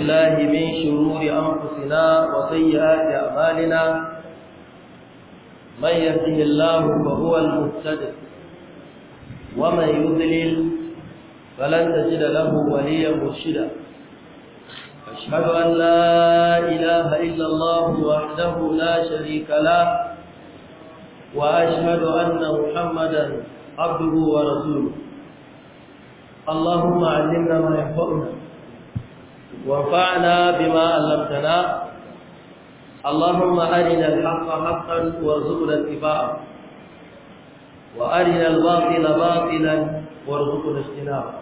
بالله من شرور أنفسنا وسيئات أعمالنا من يهده الله فهو المهتد ومن يضلل فلن تجد له وليا مرشدا أشهد أن لا إله إلا الله وحده لا شريك له وأشهد أن محمدا عبده ورسوله اللهم علمنا ما يحفظنا وانفعنا بما علمتنا اللهم أرنا الحق حقا وارزقنا اتباعه وأرنا الباطل باطلا وارزقنا اجتنابه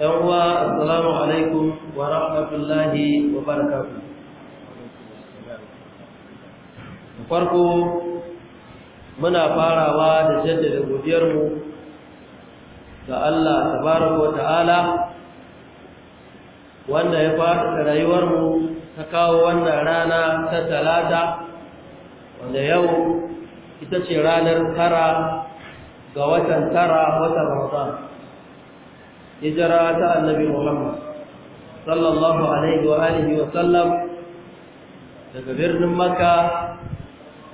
يوم السلام عليكم ورحمة الله وبركاته farko muna farawa da jaddada godiyarmu ga Allah tabaraka wa ta'ala wanda ya fara rayuwarmu ta kawo wannan rana ta talata wanda yau ita ce ranar tara ga watan tara watan ramadan hijira ta annabi muhammad sallallahu alaihi wa alihi wa sallam daga birnin makka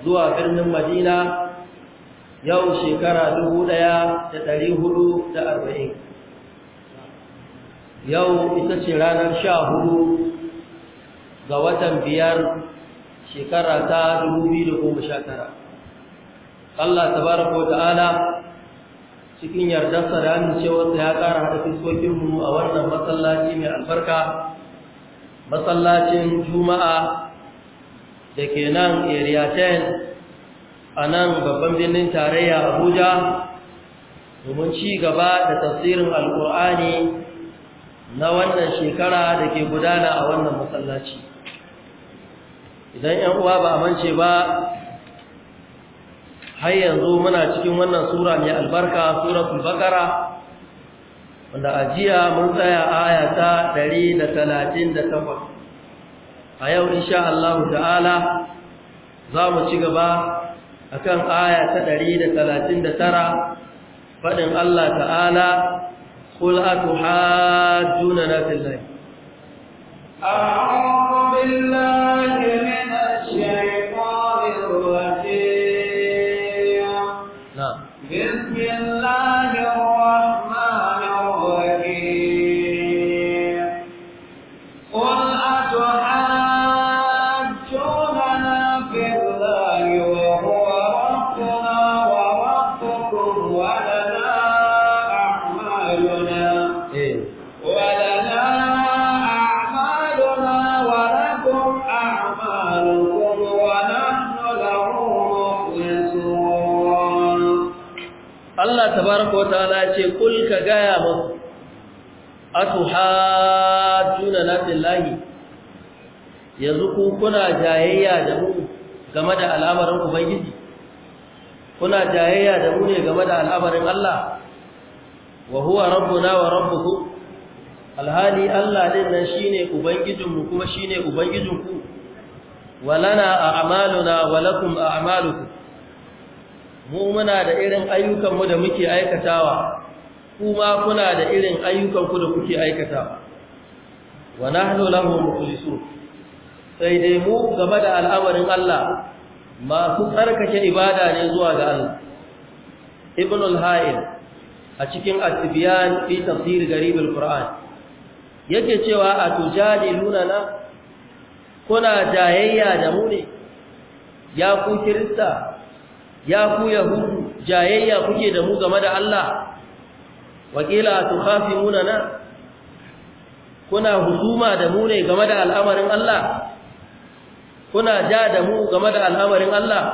zuwa birnin madina yau shekara dubu ɗaya da ɗari hudu da arba'in yau ita ce ranar sha hudu ga watan biyar shekara ta dubu biyu da goma sha tara. Allah ko ta'ala cikin yardarsa da amincewarsa ya kara haɗa fiskokinmu a wannan masallaci mai albarka masallacin juma'a da ke nan area 10 a nan babban birnin tarayya abuja domin ci gaba da tafsirin alkur'ani na wannan shekara da ke gudana a wannan masallaci idan ‘yan uwa ba mance ba har yanzu muna cikin wannan sura mai albarka suratul bakara wanda a jiya mun tsaya aya ta 138 a yau insha Allah ta'ala za mu ci gaba akan aya ta tara, faɗin Allah ta'ala قل أتحاجوننا في الله أعوذ بالله من gaya musu juna na billahi yanzu ku kuna jayayya da mu game da al'amarin ubangiji kuna jayayya da mu ne game da al'amarin Allah wa huwa rabbuna wa rabbuhu alhali Allah din nan shine ubangijinmu kuma shine ubangijinku walana a'maluna wa lakum a'malukum mu muna da irin ayyukanmu da muke aikatawa kuma kuna da irin ayyukanku da kuke aikata wa nahnu lahu mukhlisun sai dai mu game da al'amarin Allah masu tsarkake ibada ne zuwa ga Allah ibn al-hayy a cikin at-tibyan fi tafsir garib al-quran yake cewa atujadiluna na kuna jayayya da mu ne ya ku kirista ya ku yahudu jayayya kuke da mu game da Allah wakila tukhafimuna na kuna husuma da mu ne game da al'amarin Allah kuna ja da mu game da al'amarin Allah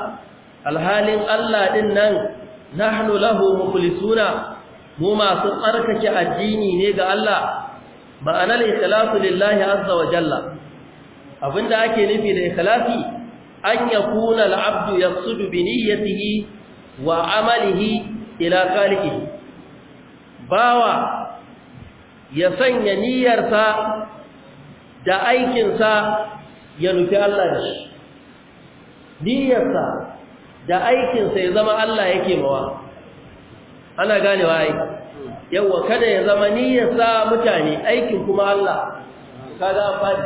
alhalin Allah din nan nahnu lahu mukhlisuna mu masu tsarkake addini ne ga Allah ma'anar ikhlasu lillahi azza wa jalla abinda ake nufi da ikhlasi an yakuna al'abdu yasudu bi niyyatihi wa amalihi ila khaliqihi bawa ya sanya niyyarsa da aikinsa ya nufi Allah da shi niyyarsa da aikinsa ya zama Allah yake mawa ana ganewa ai yawa kada ya zama niyyarsa mutane aikin kuma Allah kada amfani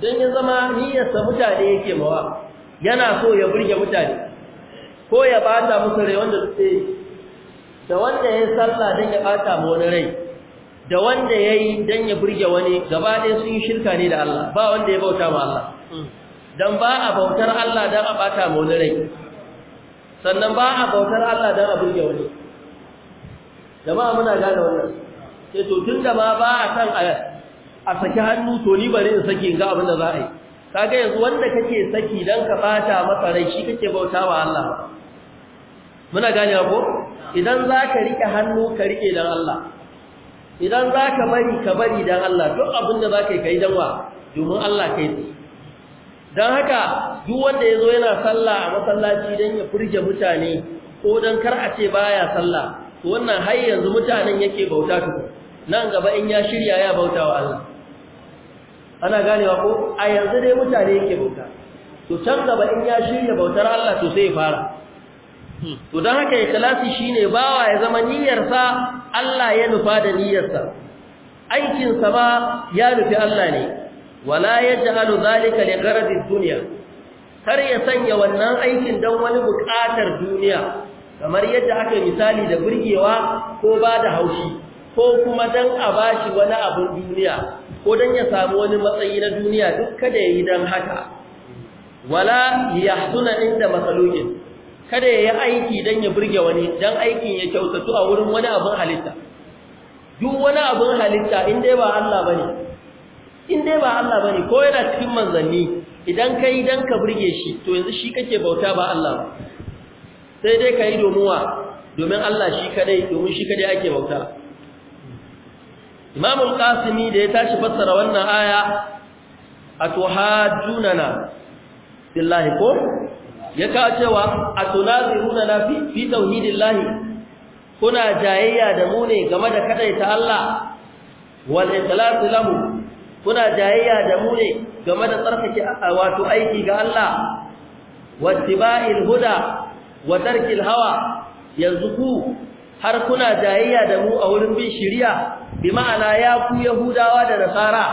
idan ya zama niyyarsa mutane yake mawa yana so ya burge mutane ko ya bata musu rai wanda suke da wanda ya sallah don ya bata ma wani rai da wanda yayi dan ya burge wani gaba ɗaya sun yi shirka ne da Allah ba wanda ya bauta ma Allah dan ba a bautar Allah dan a bata ma wani rai sannan ba a bautar Allah dan a burge wani jama'a muna gane wannan sai to da ma ba a san a saki hannu to ni bari in saki in ga abin da za a yi kaga yanzu wanda kake saki dan ka bata masa rai shi kake bautawa Allah muna gane ko idan za ka riƙe hannu ka riƙe don Allah idan za ka bari ka bari don Allah duk abin da za ka yi ka yi don wa domin Allah ka yi don haka duk wanda ya zo yana sallah a masallaci don ya furge mutane ko don kar a ce baya sallah to wannan har yanzu mutanen yake bauta tuku nan gaba in ya shirya ya bauta wa Allah ana ganewa ko a yanzu dai mutane yake bauta to can gaba in ya shirya bautar Allah to sai ya fara to don haka ikhlasi shine bawa ya zama niyyarsa Allah ya nufa da niyyarsa aikinsa ba ya nufi Allah ne wala yaj'alu zalika li gharadid duniya, kar ya sanya wannan aikin dan wani bukatar duniya kamar yadda aka misali da burgewa ko ba da haushi ko kuma dan a bashi wani abun duniya ko don ya samu wani matsayi na duniya duk kada yayi dan haka wala yahsuna inda masalukin kada ya yi aiki don ya burge wani don aikin ya kyautatu a wurin wani abin halitta duk wani abin halitta in dai ba Allah ba ne in dai ba Allah ba ne ko yana cikin manzanni idan ka yi don ka burge shi to yanzu shi kake bauta ba Allah ba sai dai ka yi domin wa domin Allah shi kadai domin shi kadai ake bauta al qasimi da ya tashi fassara wannan aya atuhajunana billahi ko ya ka cewa atunaziruna na fi fi tauhidillahi kuna jayayya da mu ne game da kadaita Allah wal ikhlas lahu kuna jayayya da mu ne game da tsarkake wato aiki ga Allah wattiba'il huda wa tarkil hawa yanzu ku har kuna jayayya da mu a wurin bin shari'a bi ma'ana ya ku yahudawa da nasara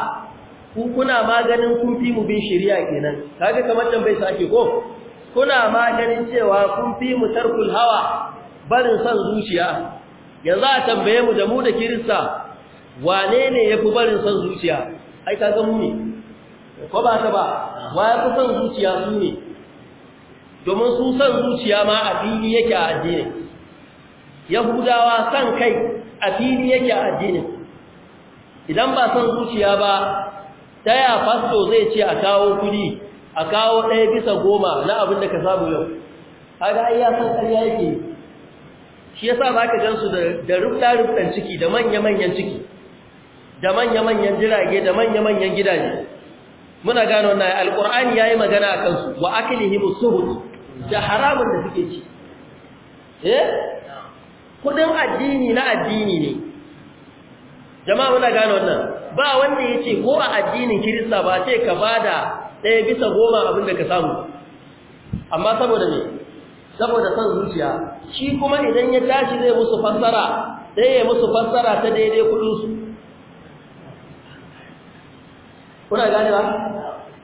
ku kuna maganin kun fi mu bin shari'a kenan kaga kamar tambayar sa ake ko kuna ma ganin cewa kun fi mu tarkul hawa barin son zuciya yanzu a tambaye mu da mu da kirista wane ne yafi barin son zuciya ai ka ga mu ne ko ba ta ba wa yafi san zuciya su ne domin su son zuciya ma a fili yake a addini yahudawa son kai a fili yake a addini idan ba son zuciya ba ta ya fasto zai ce a kawo kudi a kawo ɗaya bisa goma na abin da ka samu yau kaga ai ya san ƙarya yake shi ya sa ba ka gansu da rubda-rubdan ciki da manya-manyan ciki da manya-manyan jirage da manya-manyan gidaje muna gano na alƙur'ani ya yi magana a kansu wa akilihimu suhut da haramun da suke ci eh kudin addini na addini ne jama'a muna gano nan, ba wanda ya ce ko a addinin kirista ba ce ka ba da. ɗaya bisa goma abin da ka samu amma saboda ne saboda son zuciya shi kuma idan ya tashi zai musu fassara sai ya musu fassara ta daidai kudinsu kuna gane ba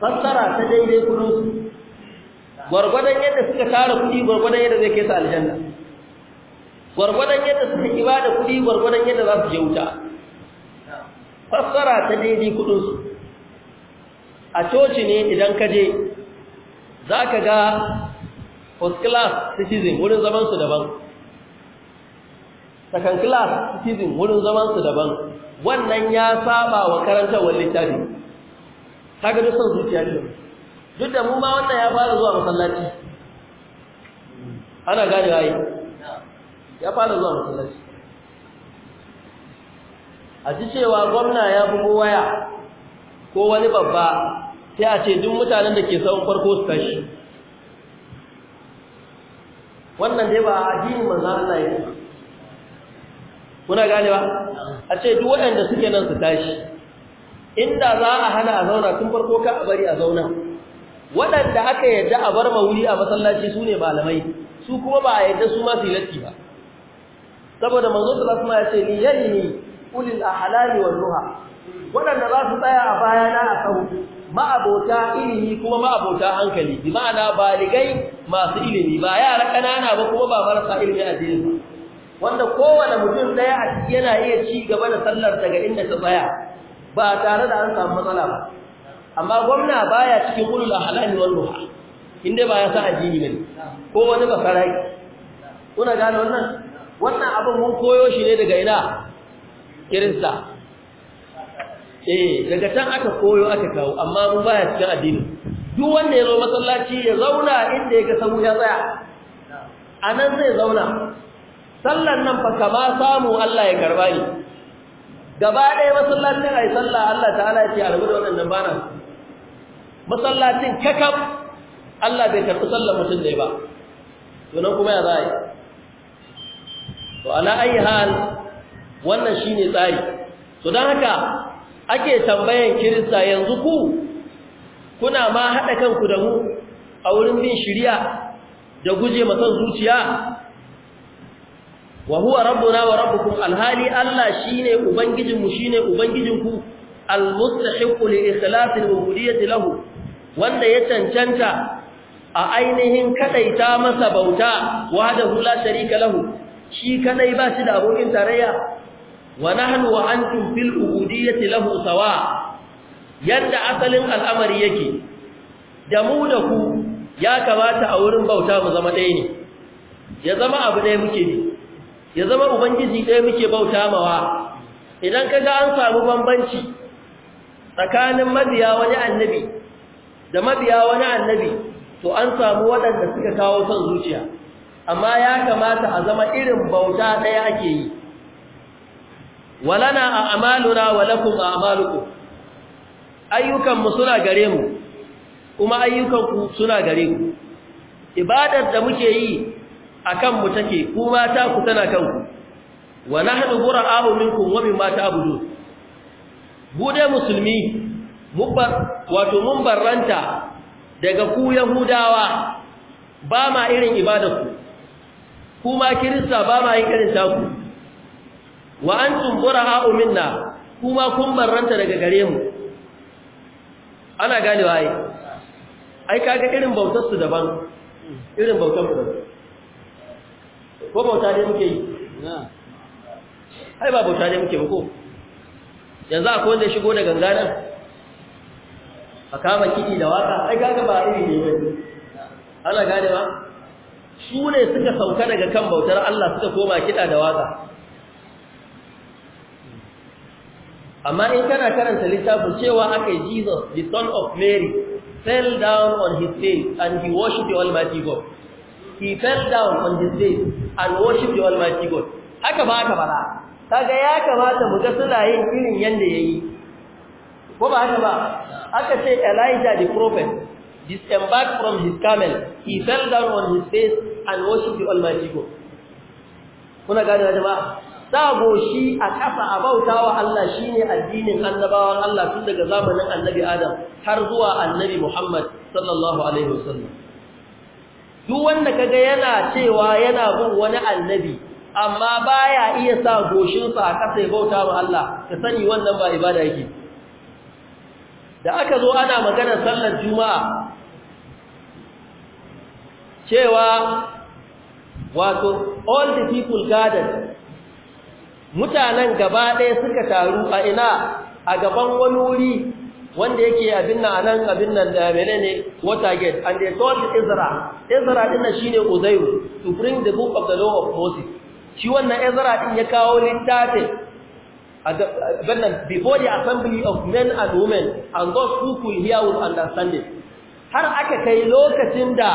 fassara ta daidai kudinsu gwargwadon yadda suka tara kudi gwargwadon yadda zai kesa aljanna gwargwadon yadda suka da kudi gwargwadon yadda za su je wuta fassara ta daidai kudinsu a coci ne idan ka je za ka ga first class citizen wurin zamansu daban second class citizen wurin zamansu daban wannan ya saba wa karantarwar littafi Ta gani son zuciya ne duk da mu ma wannan ya fara zuwa masallaci ana gane waye ya fara zuwa masallaci a ji cewa gwamna ya bugo waya ko wani babba sai a ce duk mutanen da ke saukon farko su tashi wannan dai ba a addinin manzo Allah ya kuna gane ba a ce duk waɗanda suke nan su tashi inda za a hana a zauna tun farko ka a bari a zauna waɗanda aka yadda a bar mawuri a masallaci su ne malamai su kuma ba a yadda su ma su latti ba saboda manzo sallallahu alaihi ya ce ni ne ulil a wan nuha waɗanda za su tsaya a bayana a sahu ma'abota ilimi kuma ma'abota hankali bi ma'ana baligai masu ilimi ba yara kanana ba kuma ba marasa ilimi a jini wanda kowane mutum daya a ciki yana iya ci gaba da sallar daga inda ta tsaya ba tare da an samu matsala ba amma gwamna baya cikin ulul ahlami wal ruha inda ba ya san addini ne ko wani ba farai kuna gane wannan wannan abin mun koyo shi ne daga ina kirista eh daga can aka koyo aka kawo amma mun baya cikin addini duk wanda ya zo masallaci ya zauna inda ya ga ya tsaya a zai zauna sallan nan fa kama samu Allah ya karba ni gaba ɗaya masallacin ai sallah Allah ta'ala ya ce a rabu da waɗannan bana masallacin kakab Allah bai karɓi sallar mutum ne ba to nan kuma ya zai to ala ayi hal wannan shine tsari to dan haka ake tambayan kirista yanzu ku kuna ma haɗa kanku da mu a wurin bin shirya da guje masan zuciya wa huwa rabbuna wa rabbukum alhali Allah shine mu shine ubangijinku almustahiqu li ikhlasi al lahu wanda ya cancanta a ainihin kadaita masa bauta wa hada la sharika lahu shi kadai ba shi da abokin tarayya wa nahnu wa antum fil ubudiyyati lahu sawa yadda asalin al'amari yake da mu da ku ya kamata a wurin bauta mu zama ɗaya ne ya zama abu dai muke bi ya zama ubangiji ɗaya muke bauta mawa idan kaga an samu bambanci tsakanin mabiya wani annabi da mabiya wani annabi to an samu waɗanda suka kawo son zuciya amma ya kamata a zama irin bauta ɗaya ake yi walana a'maluna wa lakum a'malukum ayyukan Ayyukanmu suna gare mu kuma ayyukanku suna gare ku ibadar da muke yi akan mu take ku mata ku tana kanku wa nahnu bura'u minkum wa abu ta'budun bude musulmi wato mun barranta daga ku yahudawa ba ma irin ibadar ku kuma kirista ba ma yin irin taku wa antum buraha minna kuma kun barranta daga gare mu ana gane ai ai kaga irin bautar su daban irin bautar mu ko bauta dai muke yi ai ba bauta dai muke ko yanzu akwai wanda ya shigo da ganga nan a kama kiɗi da waka ai kaga ba iri ne ba ana ba su ne suka sauka daga kan bautar Allah suka koma kiɗa da waka amma in kana karanta littafin cewa aka yi Jesus the son of Mary fell down on his face and he worshiped the almighty God he fell down on his face and worshiped the almighty God haka ba haka bara kaga ya kamata mu ga suna yin irin yanda yayi ko ba haka ba aka ce Elijah the prophet disembarked from his camel he fell down on his face and worshiped the almighty God kuna gane da jama'a sa goshi a kafa a bautawa Allah shine addinin annabawan Allah tun daga zamanin annabi Adam har zuwa annabi Muhammad sallallahu alaihi wasallam duk wanda kaga yana cewa yana bin wani annabi amma baya iya sa goshinsa a kasa ya bauta wa Allah ka sani wannan ba ibada yake da aka zo ana maganar sallar juma'a cewa wato all the people gathered mutanen gaba ɗaya suka taru a ina a gaban wani wuri wanda yake abin nan anan abin nan da menene watergate and they told Ezra Ezra din shi ne uzayu to bring the book of the law of Moses shi wannan Ezra din ya kawo littafin abin nan before the assembly of men and women and those who could hear understand it. har aka kai lokacin da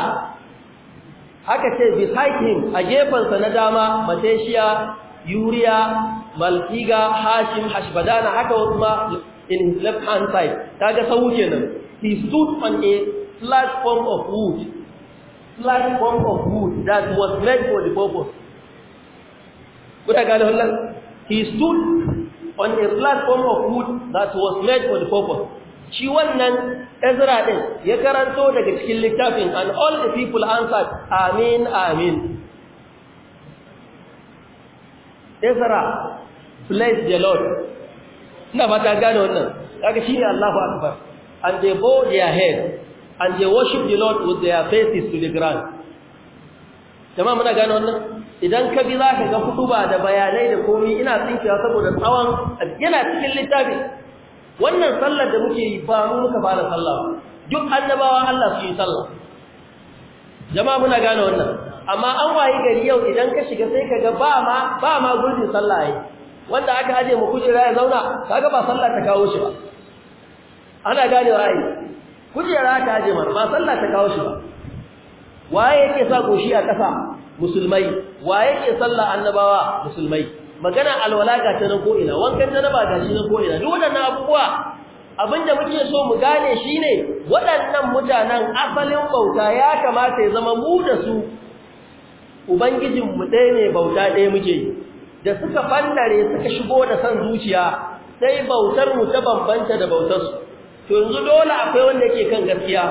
aka ce beside him a sa na dama Mateshiya yuriya malfiga hashim hashbadana haka wasu in his left hand side kaga sau kenan he stood on a platform of wood platform of wood that was made for the purpose kuta gane wannan he stood on a platform of wood that was made for the purpose shi wannan Ezra din ya karanto daga cikin littafin and all the people answered amin amin Ezra plays the Lord ina fata gano wannan kaga shine Allahu akbar and they bow their head and they worship the Lord with their faces to the ground jama'a muna gano wannan idan ka bi zaka ga hutuba da bayanai da komai ina tsinkiya saboda tsawon yana cikin littafi wannan sallar da muke yi ba mu muka fara sallah duk annabawa Allah su yi sallah jama'a muna gano wannan amma an wayi gari yau idan ka shiga sai kaga ba ma ba ma gurbin sallah yayi wanda aka haje mu kujera ya zauna kaga ba sallah ta kawo shi ba ana gane ra'ayi kujera ta haje mana ba sallah ta kawo shi ba waye yake sa goshi a ƙasa musulmai waye yake sallah annabawa musulmai magana alwala ga ta nan ko ina wankan janaba ga shi nan ko ina duk waɗannan abubuwa abinda muke so mu gane shine waɗannan mutanen asalin bauta ya kamata ya zama mu da su ubangijinmu ɗaya ne bauta ɗaya muke da suka fannare suka shigo da san zuciya sai bautar mu ta bambanta da bautarsu su to yanzu dole akwai wanda yake kan gaskiya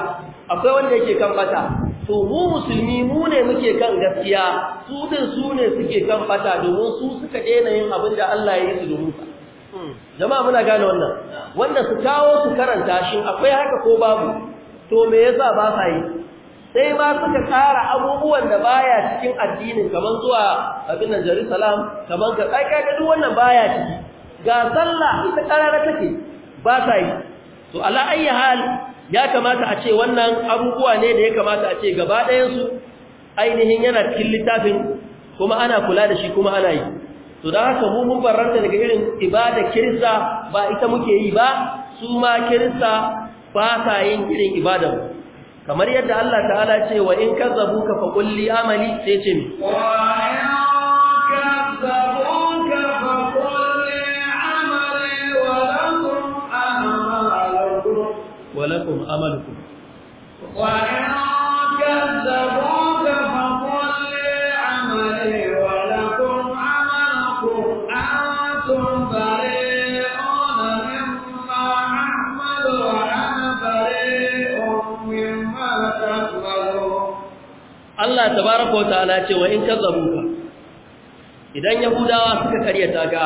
akwai wanda yake kan fata. to mu musulmi mu ne muke kan gaskiya su din su ne suke kan fata, domin su suka ɗena yin abin da Allah ya yi su domin su. jama'a muna gane wannan wanda su kawo su karanta shi akwai haka ko babu to me yasa ba sa yi sai ma suka tsara abubuwan da baya cikin addinin kaman zuwa abin nan Jerusalem kaman ka kai kaga duk wannan baya ciki ga sallah ita karara take ba ta yi to ala ayyi hal ya kamata a ce wannan abubuwa ne da ya kamata a ce gaba ɗayan su ainihin yana cikin littafin kuma ana kula da shi kuma ana yi to dan haka mu mun barranta daga irin ibada kirista ba ita muke yi ba su ma kirista ba ta yin irin ibadar kamar yadda Allah ta'ala ce wa in ka fa qul li amali sai ce mi wa ya ka fa qul li amali wa lakum amalukum wa lakum amalukum wa ya Allah tabaraka wa ta'ala ce wa in kazzabuka idan yahudawa suka karyata ka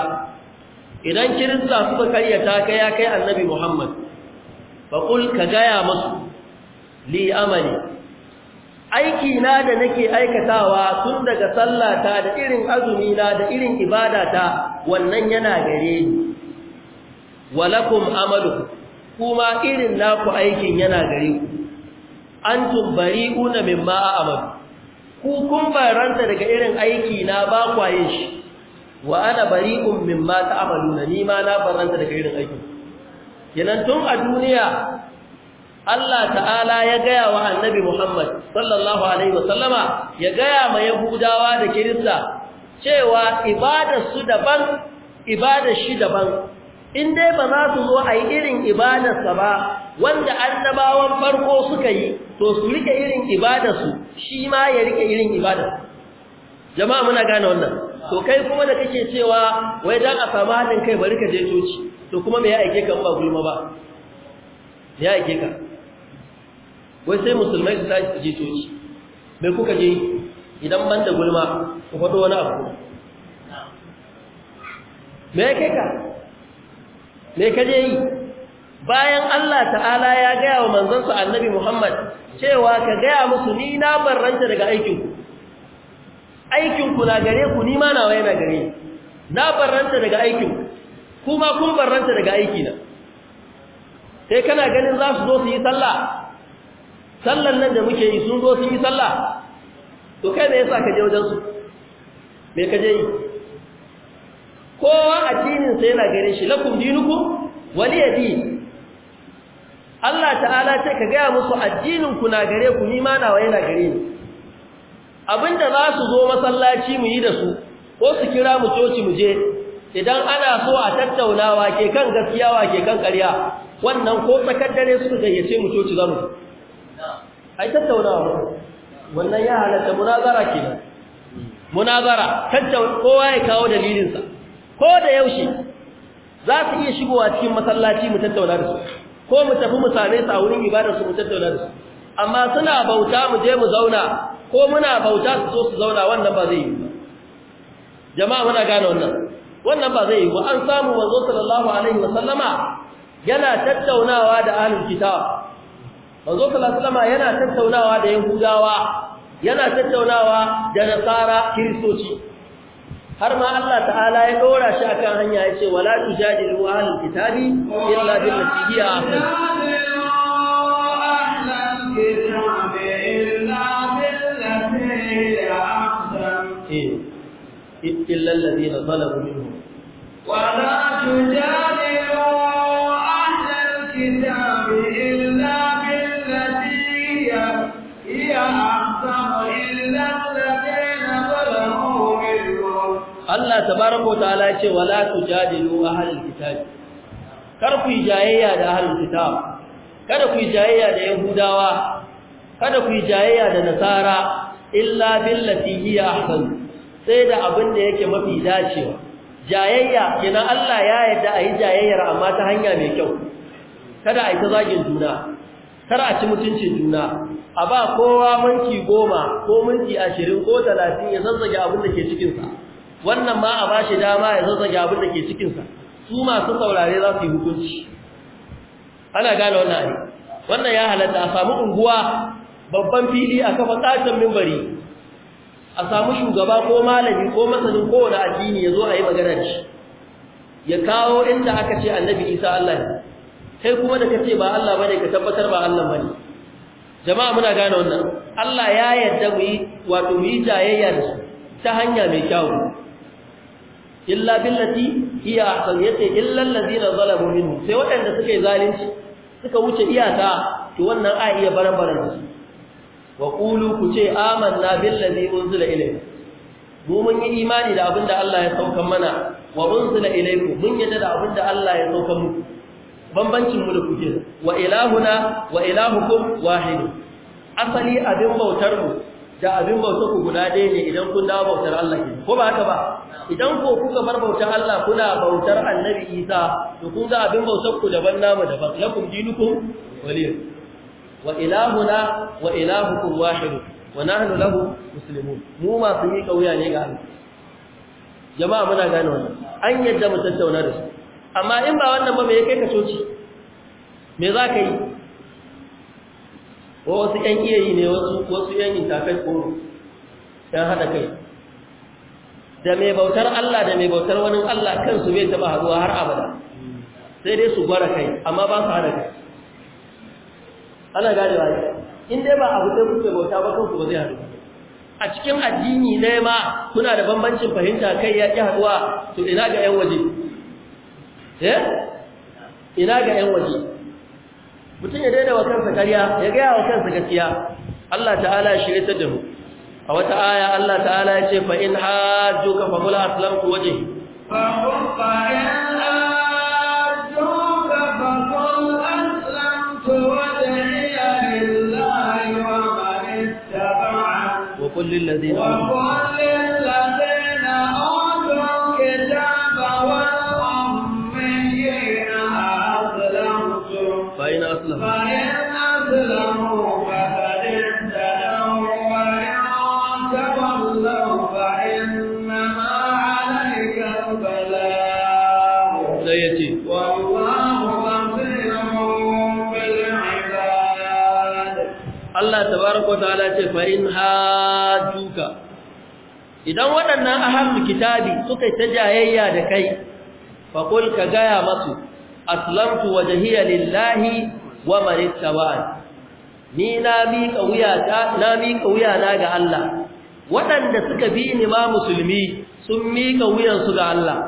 idan kirista suka karyata ka ya kai annabi muhammad faƙul ka gaya masu li amali aiki na da nake aikatawa tun daga sallata da irin azumi na da irin ibadata wannan yana gare ni walakum amalu kuma irin naku aikin yana gare ku antum bari'una mimma a'malu ku kun baranta daga irin aiki na ba kwa shi wa ana bari'un mimma na. ni ma na baranta daga irin aiki kenan tun a duniya Allah ta'ala ya gaya wa annabi Muhammad sallallahu alaihi wasallama ya gaya ma yahudawa da kirista cewa ibadar su daban ibadar shi daban in dai ba za su zo a yi irin sa ba wanda annabawan farko suka yi to su rike irin ibadarsu shi ma ya rike irin ibadarsu jama'a muna gane wannan to kai kuma da kake cewa wai dan a samu halin kai bari ka je toci to kuma me ya aike ka ba gulma ba ya aike ka wai sai musulmai su tashi su je toci me kuka je idan ban da gulma ku faɗo wani abu me ya kai ka me ka je yi bayan Allah ta'ala ya gaya wa manzansa annabi Muhammad cewa ka gaya musu ni na barranta daga aikinku aikinku na gare ku ni ma nawa yana gare na barranta daga aikinku kuma kun barranta daga aikina sai kana ganin za su zo su yi sallah sallan nan da muke yi sun zo su yi sallah to kai ne yasa ka je wajen su me ka je yi kowa addinin sa yana gare shi lakum dinukum waliyadi Allah ta'ala ce ka gaya musu addinin ku na gare ku ni ma nawa yana gare ni abinda za su zo masallaci mu yi da su ko su kira mu coci mu je idan ana so a tattaunawa ke kan gaskiya wa ke kan ƙarya wannan ko tsakar dare da yace mu coci zamu ai tattaunawa wannan ya halatta munazara kenan munazara tattauna kowa ya kawo dalilinsa ko da yaushe za su iya shigowa cikin masallaci mu tattauna da su ko mu tafi mu same su a wurin ibada su mu tattauna da su amma suna bauta mu je mu zauna ko muna bauta su so su zauna wannan ba zai yi ba jama'a muna gane wannan wannan ba zai yi ba an samu manzo sallallahu alaihi wasallama yana tattaunawa da ahlul kitab manzo sallallahu alaihi wasallama yana tattaunawa da yahudawa yana tattaunawa da nasara kristoci har ma Allah ta'ala ya dora shi akan hanya ya ce wala tujadilu ahlul kitabi illa billati hiya ahsan إلا الذين ظلموا منهم ولا تجادلوا أهل الكتاب Allah tabaraka wa ta'ala ya ce wala tujadilu ahlul kitab kar ku jayayya da ahlul kitab kada ku jayayya da yahudawa kada ku jayayya da nasara illa billati hiya ahsan sai da abin da yake mafi dacewa jayayya kina Allah ya yarda a yi jayayyar amma ta hanya mai kyau kada a yi ta zagin juna kar a ci mutuncin juna a ba kowa minti goma ko minti ashirin ko talatin ya zazzage abin da ke cikinsa wannan ma a ba shi dama ya zazzage abin da ke cikinsa su masu saurare za su yi hukunci ana gane wannan ne wannan ya halatta a samu unguwa babban fili a kafa katon mimbari a samu shugaba ko malami ko masanin kowane addini ya zo a yi magana da shi ya kawo inda aka ce annabi isa allah ne kai kuma da ka ce ba allah bane ka tabbatar ba allah bane jama'a muna gane wannan allah ya yarda mu yi wato mu yi jayayya da su ta hanya mai kyau. illa billati hiya ahsan yace illa allazina zalamu minhum sai waɗanda suka yi zalunci suka wuce iyaka to wannan a iya baran-baran su wa qulu ku ce amanna billazi unzila ilayka mu mun yi imani da abinda Allah ya sauka mana wa unzila ilayku mun yadda da abinda Allah ya sauka muku bambancin mu da ku ke wa ilahuna wa ilahukum wahid asali abin bautar mu da abin bautar ku guda ɗaya ne idan kun dawo bautar Allah ke ko ba haka ba idan ko kuka bar bautar Allah kuna bautar Annabi Isa to kun ga abin bautar ku daban namu daban lakum dinukum waliy wa ilahuna wa ilahukum wahid wa nahnu lahu muslimun mu ma su yi kauya ne ga Allah jama'a muna gane wannan an yadda mu tattauna da su amma in ba wannan ba me yake ka coci me za ka yi wasu ƴan iyayi ne wasu yan ƴan intafet koro dan haɗa kai da mai bautar Allah da mai bautar wani Allah kansu bai taba haɗuwa har abada sai dai su gwara kai amma ba su haɗa kai ana gane ba in dai ba abu ɗaya kuke bauta ba su ba zai haɗu a cikin addini na ma kuna da bambancin fahimta kai ya ƙi haɗuwa to ina ga 'yan waje eh? ina ga 'yan waje mutum ya daidai wa kansa kariya, ya gaya wa kansa gaskiya Allah ta'ala ya shirye ta mu a wata aya Allah ta'ala ya ce fa in hajjuka fa qul aslamtu wajhi fa qul fa in hajjuka fa qul aslamtu wajhi lillahi wa man ittaba'ani wa qul lil ladina Allah فإنما عليك البلاغ سيأتي والله بصير idan waɗannan ahlul kitabi suka ta jayayya da kai fa qul ka gaya masu aslamtu wajhiya lillahi wa man ni na miƙa wuya na ga Allah waɗanda suka bi ni ma musulmi sun mika wuyansu ga Allah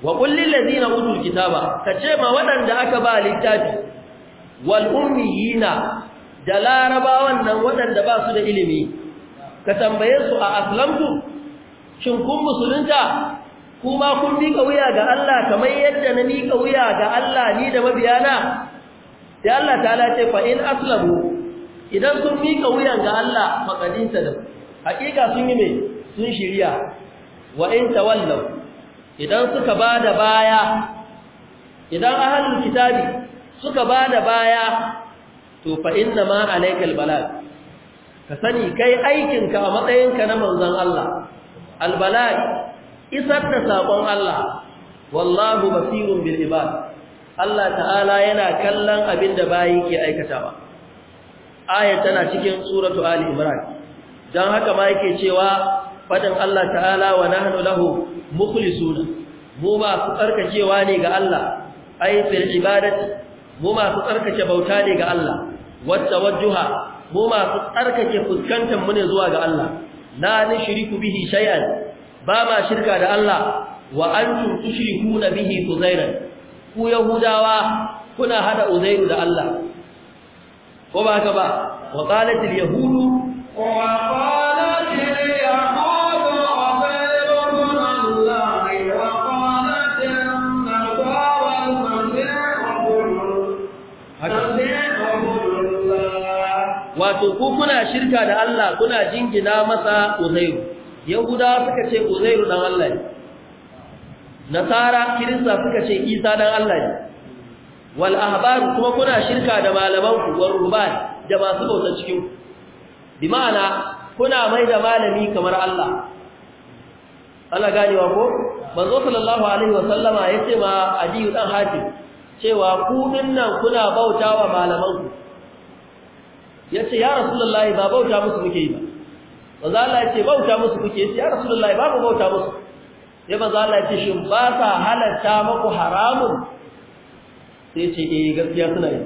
wa kullil ladina utul kitaba kace ma waɗanda aka ba littafi wal ummiyina da larabawan nan waɗanda ba su da ilimi ka tambaye su a aslamtu shin kun musulunta kuma kun mika wuya ga Allah kamar yadda na mika wuya ga Allah ni da mabiyana sai Allah ta ce fa in aslamu idan sun mika wuyan ga Allah faƙadinta da haƙiƙa sun yi mai sun shirya wa in idan suka bada baya idan ahlul kitabi suka bada baya to fa inna ma alaykal balad ka sani kai aikin ka a matsayin ka na manzon Allah albalad isar da sakon Allah wallahu basirun bil ibad Allah ta'ala yana kallon abin da bayi ke aikatawa Aya tana cikin suratu ali imran dan haka ma yake cewa fadin Allah ta'ala wa nahnu lahu mukhlisun mu ba su tsarkakewa ne ga Allah ai fil ibadati mu ma su tsarkake bauta ne ga Allah wata wajuha, mu ma su tsarkake fuskantar mu ne zuwa ga Allah la nushriku bihi shay'an ba ma shirka da Allah wa antum tushrikuna bihi uzairan ku yahudawa kuna hada uzairu da Allah ko ba haka ba wa qalat al yahudu wa qalat al yahudu rabbuna allah wa qalat an nasara al wato ku kuna shirka da Allah kuna jingina masa uzairu yahuda suka ce uzairu dan Allah ne nasara kirista suka ce isa dan Allah ne wal ahbar kuma kuna shirka da malaman ku war ruban da masu bautar cikin ku bi ma'ana kuna mai da malami kamar Allah Allah ganewa ko manzo sallallahu alaihi wa sallama yace ma adiyu dan hatim cewa ku dinnan kuna bautawa malaman ku yace ya rasulullahi ba bauta musu muke yi ba manzo Allah yace bauta musu kuke yace ya rasulullahi ba bauta musu Ya manzo Allah yace shin ba sa halatta muku haramun sai ce eh gaskiya suna yi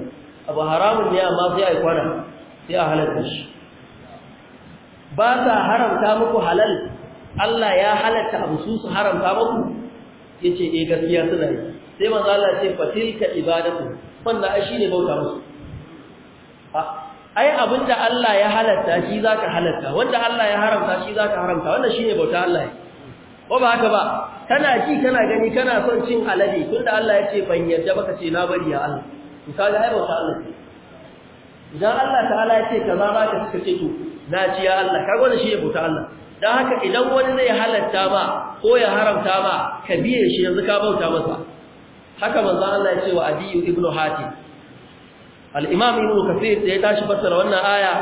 abu haramun ne amma sai a yi kwana sai a halatta shi ba sa haramta muku halal Allah ya halatta abu su su haramta muku ce eh gaskiya suna yi sai manzo Allah ce fatilka ibadatu wannan ai ne bauta musu ai abinda Allah ya halatta shi zaka halatta wanda Allah ya haramta shi zaka haramta wannan ne bauta Allah ya ko ba haka ba kana ji kana gani kana son cin alade tunda Allah ya ce ban yarda baka ce na bari ya Allah to ai bauta Allah ce idan Allah ta'ala ya ce kaza ba ka suka ce to na ji ya Allah kaga wannan shi ya bauta Allah dan haka idan wani zai halatta ba ko ya haramta ba, ka biye shi yanzu ka bauta masa haka manzo Allah ya ce wa Adiyu ibn Hatim al-Imam Ibn Kathir da ya tashi fassara wannan aya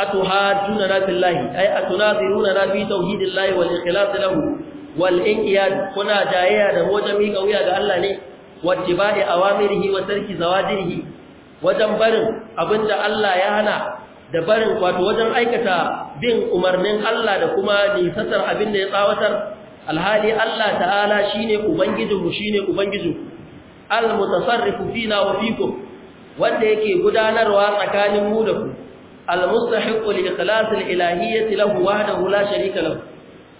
atuhaduna na fillahi ay atunaziruna na fi tauhidillahi wal ikhlas lahu wal inqiyad kuna jayayya da wajen mika wuya ga Allah ne wattiba'i awamirihi wa tarki zawadirihi wajen barin abinda Allah ya hana da barin wato wajen aikata bin umarnin Allah da kuma nisatar da ya tsawatar alhali Allah ta'ala shine ubangijinmu shine ubangijinku al-mutasarrifu fina wa fikum wanda yake gudanarwa tsakanin mu da ku al-mustahiqu li ikhlas al-ilahiyyati lahu wahdahu la sharika lahu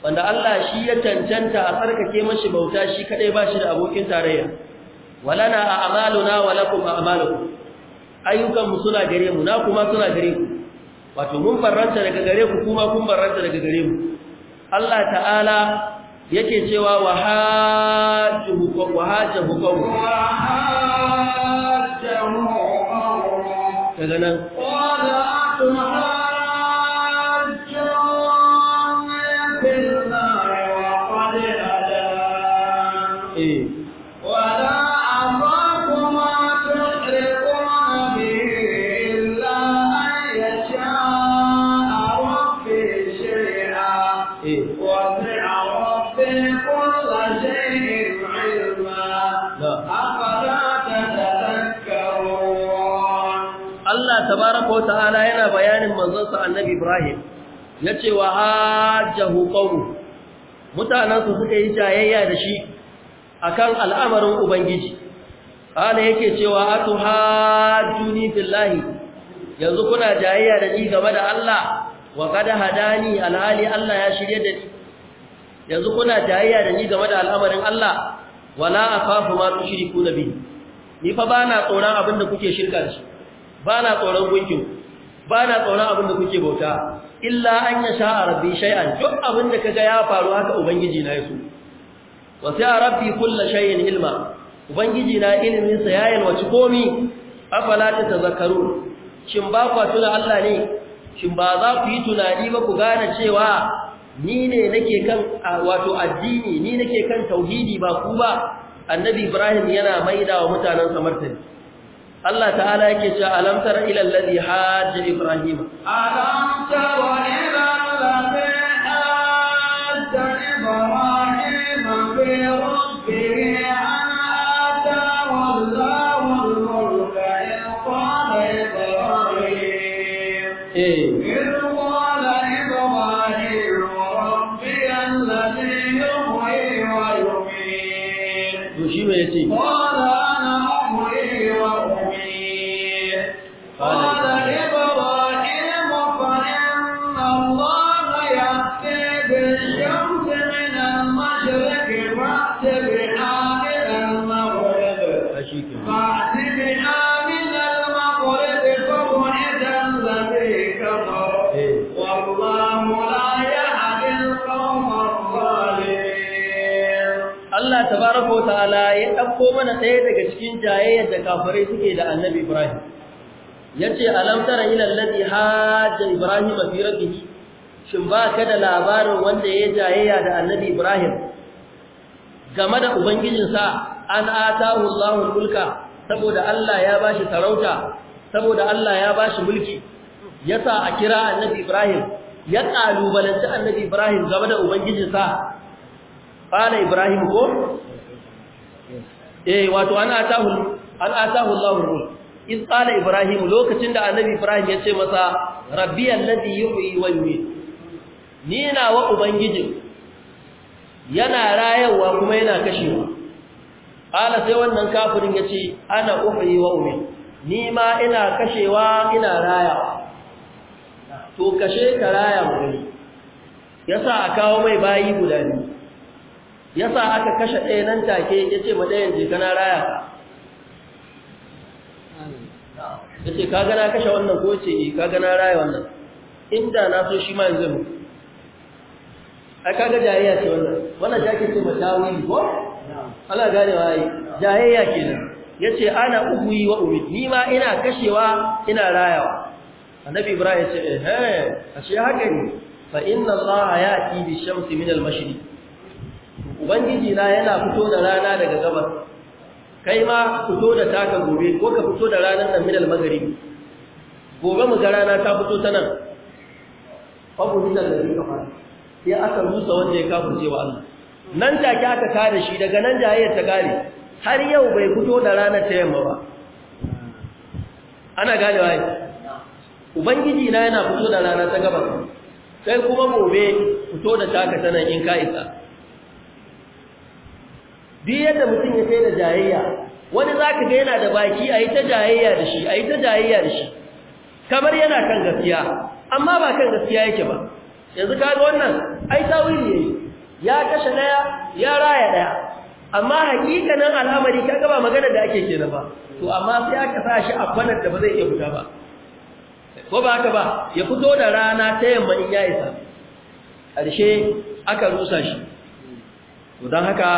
wanda Allah shi ya tantanta a tsarkake mashi bauta shi kadai ba shi da abokin tarayya walana a'maluna wa lakum a'malukum ayyukan musula suna gare mu na kuma suna gare ku wato mun barranta daga gare ku kuma kun barranta daga gare mu Allah ta'ala yake cewa wa hajju wa hajju qawm wa hajjuhu daga nan tabaraka wa ta'ala yana bayanin sa annabi Ibrahim yace wa hajjahu qawmu su suka yi jayayya da shi akan al'amarin ubangiji kana yake cewa atu hajjuni billahi yanzu kuna jayayya da ni game da Allah wa qad hadani alali Allah ya shirye da ni yanzu kuna jayayya da ni game da al'amarin Allah wala afafu ma tushriku nabi ni fa bana tsoron abinda kuke shirka da shi ba na tsoron gunkin ba na tsoron abin da kuke bauta illa an ya a rabbi shay'an duk abin da ka ga ya faru haka ubangiji na yaso wa sai rabbi kullu shay'in ilma ubangiji na iliminsa sa yayin wace komi afala Zakaru. shin ba ku tuna Allah ne shin ba za ku yi tunani ba ku gane cewa ni ne nake kan wato addini ni nake kan tauhidi ba ku ba annabi ibrahim yana maida wa mutanen samartani Allah ta'ala yake cewa alam tara ila alladhi hajja ibrahima alam tara ila alladhi hajja ibrahima fi rabbihi an atahu Allahu al-mulka in qala ibrahim eh Shi me ya ce? ta'ala ya ɗauko mana ɗaya daga cikin jayayyar da kafirai suke da annabi Ibrahim. Ya ce, Alam tara ila ladi hajja Ibrahim fi rabbihi, shin ba ka da labarin wanda ya jayayya da annabi Ibrahim game da Ubangijinsa an atahu Allahu mulka saboda Allah ya bashi sarauta, saboda Allah ya bashi mulki, yasa a kira annabi Ibrahim, ya kalubalanci annabi Ibrahim game da Ubangijinsa, ƙala Ibrahim ko? eh wato ana atahu an atahu Allahu ruh iz qala ibrahim lokacin da annabi ibrahim ya ce masa rabbi alladhi yuhyi wa yumiit ni na wa ubangijin yana rayuwa kuma yana kashewa ala sai wannan kafirin ya ce ana uhyi wa umiit ni ma ina kashewa ina rayawa to kashe ka raya mu yasa a kawo mai bayi guda biyu Ya sa aka kashe ɗaya nan take ya ce ma ɗayan je kana raya ya ce ka gana kashe wannan ko ce eh, ka gana raya wannan inda na so shi ma yanzu mu ai kaga jayayya ce wannan wannan jake ce ma tawili ko Allah gane wa wai jayayya ya ce ana ubuyi wa umid ni ma ina kashewa ina rayawa annabi ibrahim ya ce eh, eh ashe haka ne fa inna allaha yati bi shamsi min al-mashriq ubangiji na yana fito da rana daga gabas kai ma fito da taka gobe ko ka fito da ranar nan minal magari gobe mu ga rana ta fito ta nan fabu da zai kafa sai aka rusa wanda ya kafirce wa Allah nan ta ki aka kare shi daga nan jayayyar ta kare har yau bai fito da ranar ta yamma ba ana gane wai ubangiji na yana fito da rana ta gabas sai kuma gobe fito da taka ta nan in ka isa duk yadda mutum ya kai da jayayya wani zaka ga yana da baki a yi ta jayayya da shi a yi ta jayayya da shi kamar yana kan gaskiya amma ba kan gaskiya yake ba yanzu kaga wannan ai tawili ne ya kashe daya ya raya daya amma hakikanin al'amari kaga ba magana da ake kenan ba to amma sai aka sa shi a kwanar da ba zai iya fita ba ko ba haka ba ya fito da rana ta yamma in ya isa ƙarshe aka rusa shi to don haka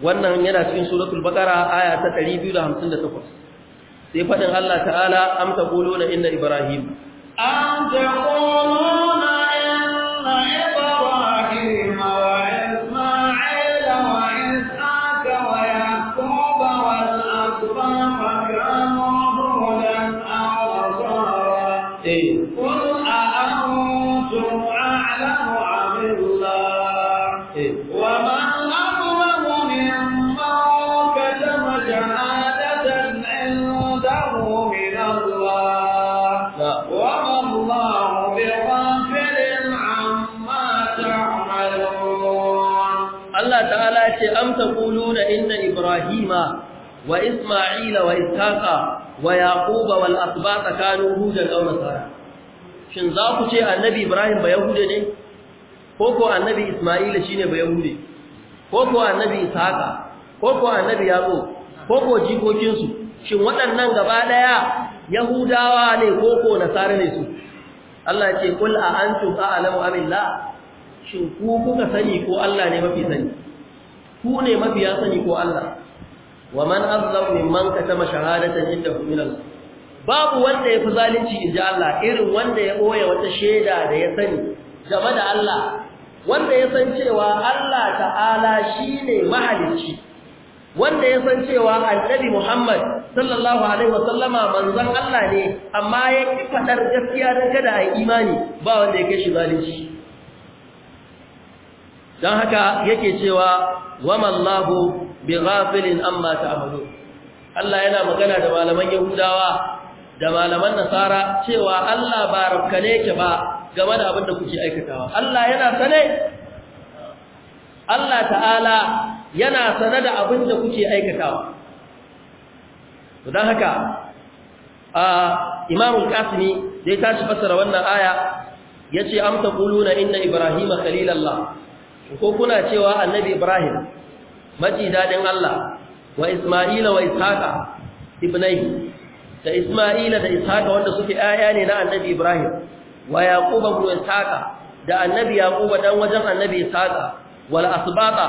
wannan yana cikin suratul baqara aya ta 258 sai fadin Allah ta'ala am taquluna inna ibrahim am taquluna inna ibrahim wa isma'ila wa eh. a a'lamu إبراهيم وإسماعيل وإسحاق ويعقوب والأسباط كانوا هودا أو نصارى shin za ku ce annabi Ibrahim ba Yahude ne ko ko annabi Isma'ila shine ba Yahude ko ko annabi Ishaqa ko ko annabi Yaqub ko ko jikokin shin waɗannan gaba ɗaya Yahudawa ne ko Nasara ne su Allah ce kul a antum a'lamu amillah shin ku kuka sani ko Allah ne mafi sani ku ne mafi ya sani ko Allah wa man azlam mimman katama shahadatan indahu min Allah babu wanda yafi zalunci inji Allah irin wanda ya boye wata sheda da ya sani game da Allah wanda ya san cewa Allah ta'ala shine mahalicci wanda ya san cewa annabi Muhammad sallallahu alaihi wasallama manzon Allah ne amma ya ki fadar gaskiya dan kada ai imani ba wanda ya kai shi zalunci dan haka yake cewa wamallahu bi ghafilin amma ta'malu Allah yana magana da malaman Yahudawa da malaman Nasara cewa Allah ba rafkane ke ba game da abin da kuke aikatawa Allah yana sane Allah ta'ala yana sane da abin da kuke aikatawa don haka Imam Al-Qasimi tashi fassara wannan aya yace am taquluna inna ibrahima khalilallah ko kuna cewa annabi ibrahim maji dadin Allah wa Isma'ila wa Ishaqa ibnai da Isma'ila da Ishaqa wanda suke aya ne na Annabi Ibrahim wa Yaquba ibn Ishaqa da Annabi Yaquba dan wajen Annabi Ishaqa wal asbata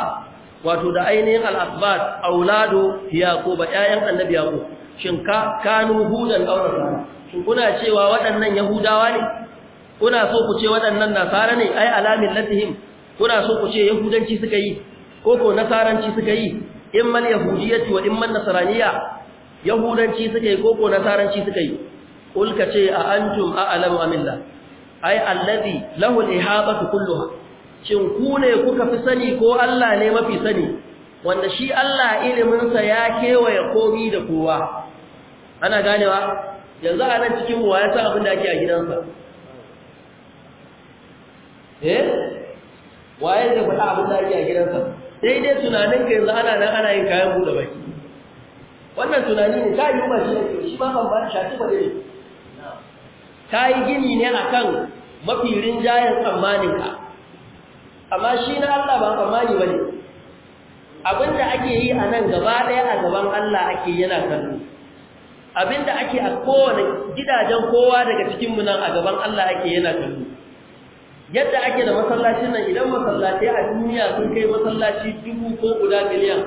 wato da ainihin al asbat auladu Yaquba ƴaƴan Annabi Yaqub shin ka kanu hudan aurata shin kuna cewa waɗannan Yahudawa ne kuna so ku ce waɗannan nasara ne ai alamin latihim kuna so ku ce yahudanci suka yi ko ko nasaranci suka yi in man yahudiyyati wa in man nasraniyya yahudanci suka yi ko ko nasaranci suka yi ulka ce a antum a'lamu amilla ai allazi lahu al-ihabatu kulluha shin ku ne kuka fi sani ko Allah ne mafi sani wanda shi Allah iliminsa ya kewaye komi da kowa ana ganewa yanzu a nan cikin wa ya san abin da ake a gidansa eh waye da faɗa abin da ake a gidansa daidai tunanin ka yanzu ana nan ana yin kayan buɗe baki wannan tunani ne ta yi yi shi ne shi ba ban ba shafi ba dai ta yi gini ne akan mafi rinjayen tsammanin ka amma shi na Allah ba tsammani ba ne abinda ake yi a nan gaba ɗaya a gaban Allah ake yana kallo abinda ake a kowane gidajen kowa daga cikin nan a gaban Allah ake yana kallo yadda ake da masallacin nan idan masallatai a duniya sun kai masallaci dubu ko guda miliyan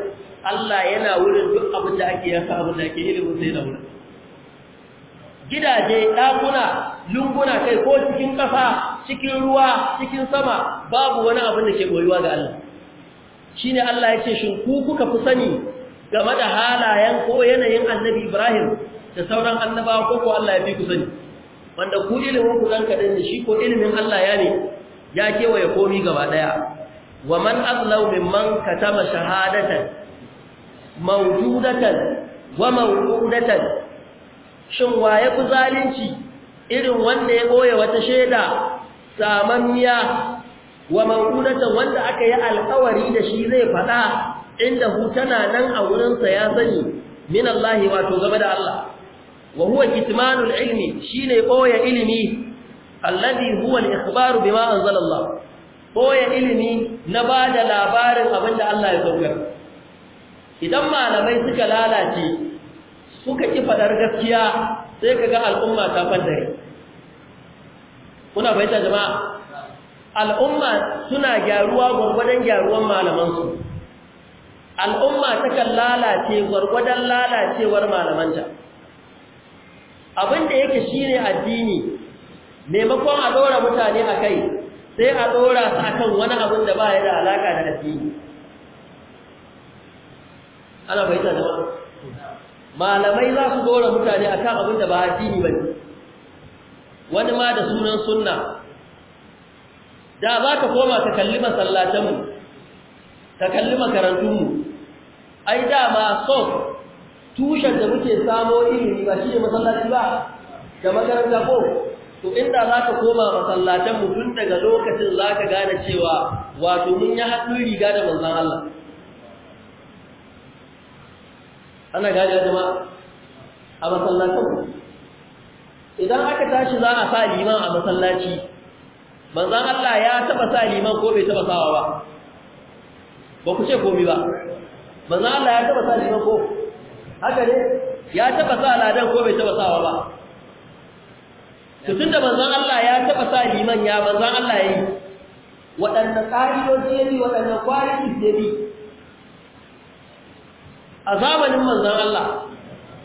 Allah yana wurin duk abin da ake yanka abin da ake ilimin sai da wurin gidaje ɗakuna lunguna kai ko cikin ƙasa cikin ruwa cikin sama babu wani abin da ke goyuwa ga Allah shine Allah ya ce shin ku kuka fi sani game da halayen ko yanayin annabi Ibrahim da sauran annabawa ko ko Allah ya fi ku sani wanda ku ilimin ku dan kadan shi ko ilimin Allah ya ne ya kewaye komi gaba daya wa man azlau mimman katama shahadatan mawjudatan wa mawqudatan shin waye ku zalunci irin wanda ya koye wata sheda samammiya wa mawqudatan wanda aka yi alƙawari da shi zai fada inda hu tana nan a wurin sa ya sani minallahi wato game da Allah wa huwa kitmanul ilmi shine ɓoye ilimi alladhi huwa al-ikhbaru bima anzala Allah boye ilimi na bada labarin abinda Allah ya saukar idan malamai suka lalace suka ki fadar gaskiya sai kaga al'umma ta fandare kuna bayyana jama'a al'umma suna gyaruwa gurgurdan gyaruwan malaman su al'umma takan lalace gurgurdan lalacewar malamanta abinda yake shine addini maimakon a dora mutane a kai sai a dora su akan wani abin da ba ya da alaka da addini ana bayyana da malamai za su dora mutane akan abin da ba addini bane wani ma da sunan sunna da za ka koma ka kalli masallatanmu ka kalli makarantunmu ai da ma so tushen da muke samo ilimi ba shi ne masallaci ba da makaranta ko to inda za ka koma masallatan mutum daga lokacin za ka gane cewa wato mun yi haɗin riga da manzan Allah ana gane ya jama'a a masallatan idan aka tashi za a sa liman a masallaci manzan Allah ya taɓa sa liman ko bai taɓa sawa ba ba ku ce komi ba manzan Allah ya taɓa sa liman ko haka ne ya taɓa sa ladan ko bai taɓa sawa ba to tunda manzon Allah ya taba sa liman ya manzon Allah yayi wadannan ƙa'idoji ya bi waɗanne kwaliti ya bi a zamanin manzon Allah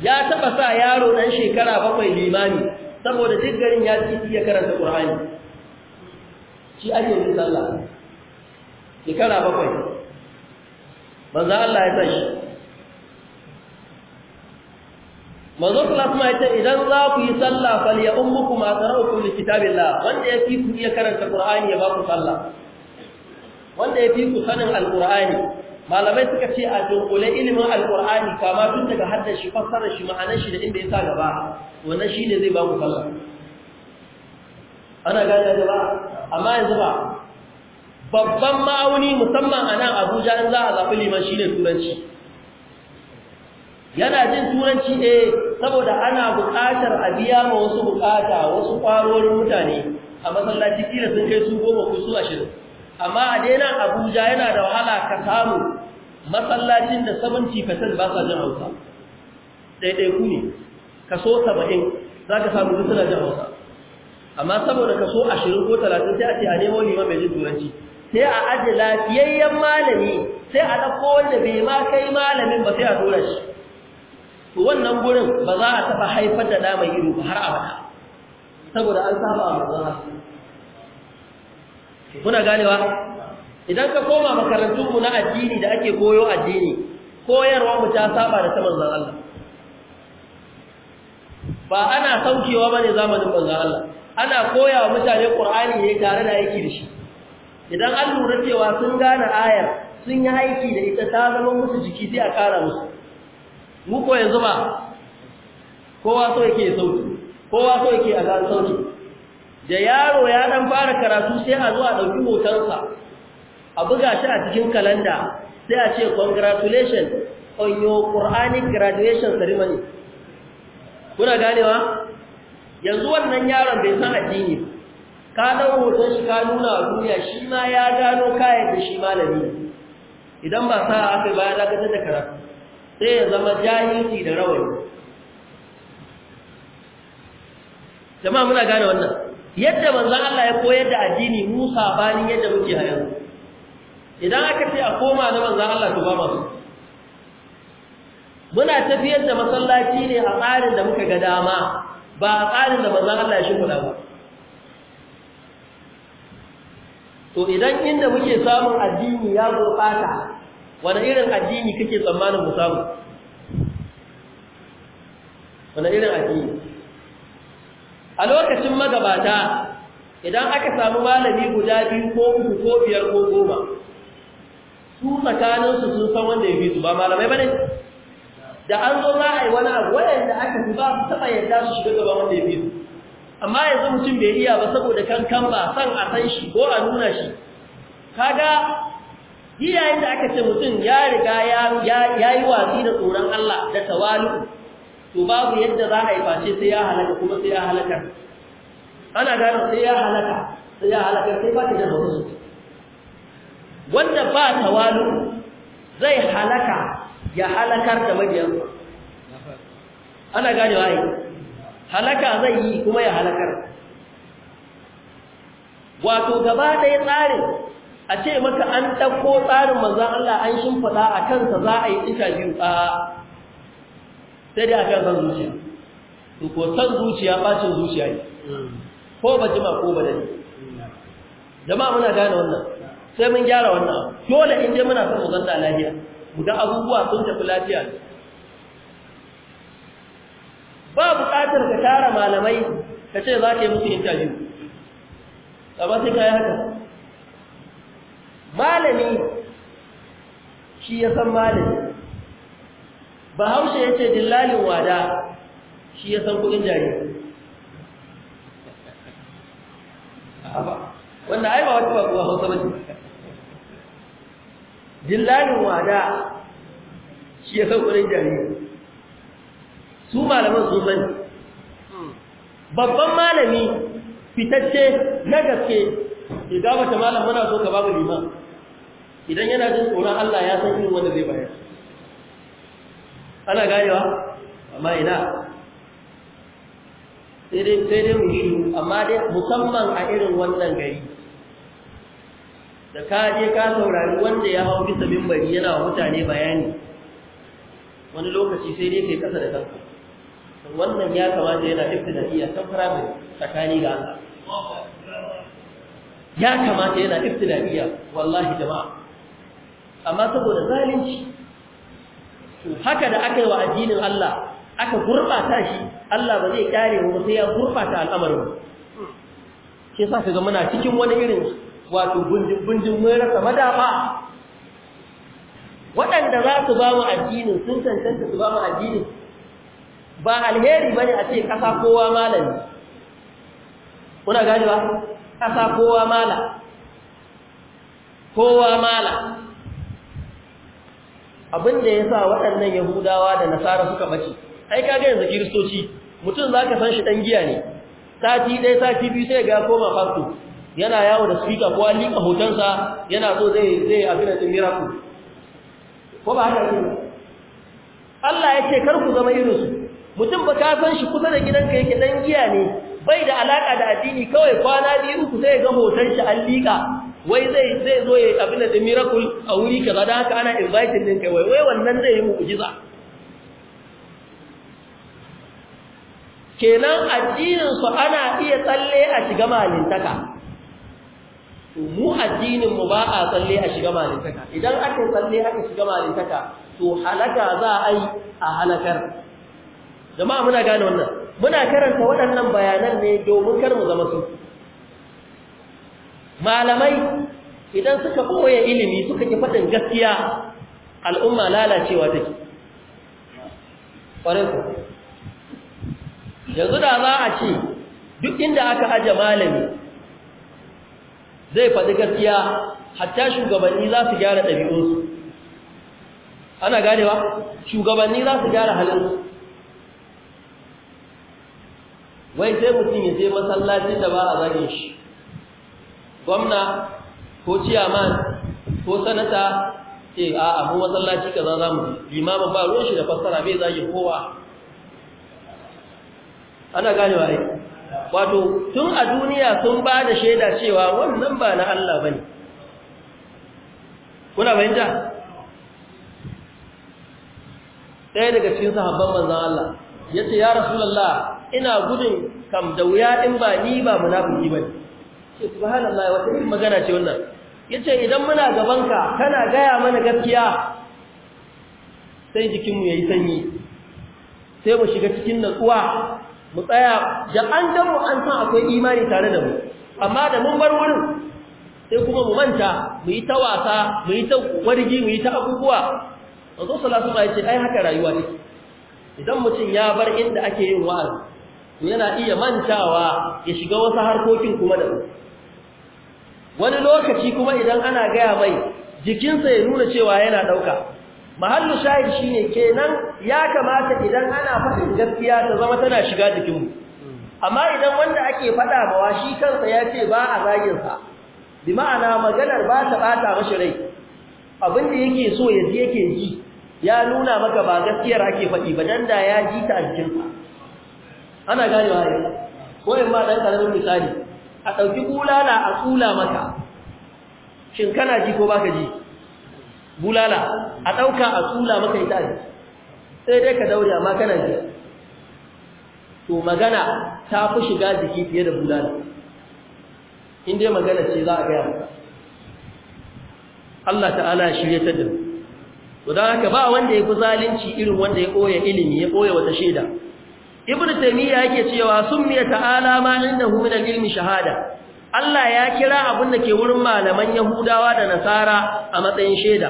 ya taba sa yaro dan shekara bakwai limani saboda duk garin ya ci ya karanta Qur'ani shi ake yin sallah shekara bakwai manzon Allah ya tashi manzo sallallahu alaihi idan za ku yi sallah fal ya ummukum aqra'ukum li kitabillah wanda ya fi ku iya karanta qur'ani ya ba ku sallah wanda ya fi ku sanin alqur'ani malamai suka ce a dunkule ilimin alqur'ani kama tun daga haddar shi fassarar shi ma'anar shi da inda ya sa gaba wannan shine zai ba ku sallah ana gane gaba amma yanzu ba babban ma'auni musamman a nan abuja in za a zaɓi liman shine turanci yana jin turanci eh saboda ana buƙatar a biya ma wasu buƙata wasu ƙwarorin mutane a masallaci kila sun kai su goma ko su ashirin amma a daina abuja yana da wahala ka samu masallacin da 70% ba sa jin hausa ku ne kaso 70 za ka samu duk suna jin hausa amma saboda kaso 20 ko 30 sai a ce a nemo liman mai jin turanci sai a ajiye lafiyayyen malami sai a ɗauko wanda bai ma kai malamin ba sai a tura shi to wannan gurin ba za a taɓa haifar da damar ido ba har abada saboda an saba a manzana kuna ganewa idan ka koma makarantunmu na addini da ake koyo addini koyarwa mu ta saba da ta manzan Allah ba ana saukewa ba ne zamanin manzan Allah ana koya wa mutane ƙur'ani ne tare da aiki da shi idan an lura cewa sun gane ayar sun yi aiki da ita ta zama musu jiki sai a kara musu mu ko yanzu ba kowa so yake sauki kowa so yake a gano sauki da yaro ya dan fara karatu sai a zo a dauki hotonsa a buga shi a cikin kalanda sai a ce congratulations on your Quranic graduation ceremony kuna ganewa yanzu wannan yaron bai san addini ka dau hoton shi ka nuna a duniya shi ma ya gano kayan da shi malami idan ba sa aka ba dakatar da karatu sai ya zama jahilci da rawani jama'a muna gane wannan yadda manzo Allah ya koyar da addini mu sabanin yadda muke a yanzu idan aka ce a koma na manzo Allah to ba masu muna tafiyar da masallaci ne a tsarin da muka ga dama ba a tsarin da manzo Allah ya da ba to idan inda muke samun addini ya gurɓata wani irin addini kake tsammanin mu samu wani irin addini a lokacin magabata idan aka samu malami guda biyu ko uku ko biyar ko goma su tsakaninsu sun san wanda ya fi su ba malamai ba ne da an zo za a yi wani abu waɗanda aka fi ba su taɓa yadda su shiga gaban wanda ya fi su amma yanzu mutum bai iya ba saboda kankan ba san a san shi ko a nuna shi kaga yayin da aka ce mutum ya riga ya yi watsi da tsoron Allah da tawalu to babu yadda za a yi face sai ya halaka kuma sai ya halaka ana gano sai ya halaka sai ya halaka sai ba ta da hausa wanda ba tawalu zai halaka ya halakar da mabiyansa ana gane wai halaka zai yi kuma ya halakar wato gaba ɗaya tsarin a ce maka an ɗauko tsarin manzan Allah an fada a kansa za a yi biyu a sai dai a kan san zuciya ko san zuciya bacin zuciya ne ko ba jima ko ba da ne jama'a muna gane wannan sai mun gyara wannan dole in je muna son mu zanna lafiya mu ga abubuwa sun tafi lafiya ba buƙatar ka tara malamai ka ce za ka yi musu interview amma sai ka yi haka malami shi ya san malami bahaushe ya ce dillalin wada shi ya san kudin jari wanda ai ba wata babuwa hausa ba dillalin wada shi ya san kudin jari su malaman su sani hmm. babban malami fitacce na gaske idan ba ta malam mana so ka ba mu liman idan yana jin tsoron Allah ya san irin wanda zai bayar ana ganewa amma ina sai dai sai dai mu shiru amma dai musamman a irin wannan gari da ka je ka saurari wanda ya hau bisa mimbari yana wa mutane bayani wani lokaci sai dai kai kasa da kanka wannan ya kamata yana ibtidaiya ta primary tsakani ga Allah ya kamata yana iftilaiya wallahi jama'a amma saboda zalunci haka da aka yi wa addinin Allah aka gurbata shi Allah ba zai kare mu sai ya gurbata al'amarin shi yasa kaga muna cikin wani irin wato gundin gundin mun rasa madafa waɗanda za su ba mu addinin sun tantance su ba mu addinin ba alheri bane a ce kasa kowa malami kuna gane ba ƙasa kowa mala kowa mala abin da ya sa waɗannan yahudawa da nasara suka ɓace ai kaga yanzu kiristoci mutum za ka san shi ɗan giya ne sati ɗaya sati biyu sai ga koma fasto yana yawo da speaker ko an liƙa hotonsa yana so zai zai abin da ku. ko ba haka ne Allah ya ce kar ku zama irinsu mutum ba ka san shi kusa da gidanka yake ɗan giya ne bai da alaka da addini kawai kwana biyu uku sai ga hoton shi an liƙa wai zai zai zo ya abin da miracle a wuri ka da haka ana inviting din kai wai wai wannan zai yi mu'jiza kenan addinin su ana iya tsalle a shiga malintaka to mu addinin mu ba a tsalle a shiga malintaka idan aka tsalle aka shiga malintaka to halaka za a yi a halakar jama'a muna gane wannan muna karanta waɗannan bayanan ne domin kar mu zama su malamai idan suka koya ilimi suka ki faɗin gaskiya al'umma lalacewa take ƙwarai ku yanzu da za a ce duk inda aka aje malami zai faɗi gaskiya hatta shugabanni za su gyara ɗabi'unsu ana ganewa shugabanni za su gyara halinsu wai sai mutum ya je masallacin da ba a zagin shi gwamna ko ciyaman ko sanata ce a abu masallaci ka za mu limamin ba ruwan shi da fassara bai zagin kowa ana gane wa wato tun a duniya sun ba da shaida cewa wannan ba na Allah ba ne kuna ja ɗaya daga cikin sahabban manzan Allah ya ce ya rasulallah ina gudun kam da wuya in ba ni ba munafiki bane ce subhanallah wata irin magana ce wannan yace idan muna gaban ka, kana gaya mana gaskiya sai jikinmu yayi sanyi sai mu shiga cikin natsuwa mu tsaya da an damu an san akwai imani tare da mu amma da mun bar wurin sai kuma mu manta mu yi ta wasa mu yi ta wargi mu yi ta abubuwa manzo sallallahu alaihi ai haka rayuwa ne. idan mutum ya bar inda ake yin wa'azi to yana iya mantawa ya shiga wasu harkokin kuma da wani lokaci kuma idan ana gaya mai jikinsa ya nuna cewa yana ɗauka mahallu shahid shine kenan ya kamata idan ana faɗin gaskiya ta zama tana shiga jikinmu amma idan wanda ake faɗa mawa shi kansa ya ce ba a zaginsa bi ma'ana maganar ba ta ɓata mashi rai abin da yake so ya ji yake ji ya nuna maka ba gaskiyar ake faɗi ba dan da ya ji ta a jikinsa ana ganewa ne ko in ma dan karamin misali a dauki bulala a kula maka shin kana ji ko baka ji bulala a dauka a kula maka ita ne sai dai ka daure amma kana ji to magana ta fi shiga jiki fiye da bulala in dai magana ce za a gaya maka Allah ta'ala ya ta da to dan haka ba wanda ya fi zalunci irin wanda ya koya ilimi ya koya wata shaida ibnu taymiya yake cewa summiya ta'ala ma indahu min al-ilmi shahada Allah ya kira abin da ke wurin malaman Yahudawa da Nasara a matsayin shaida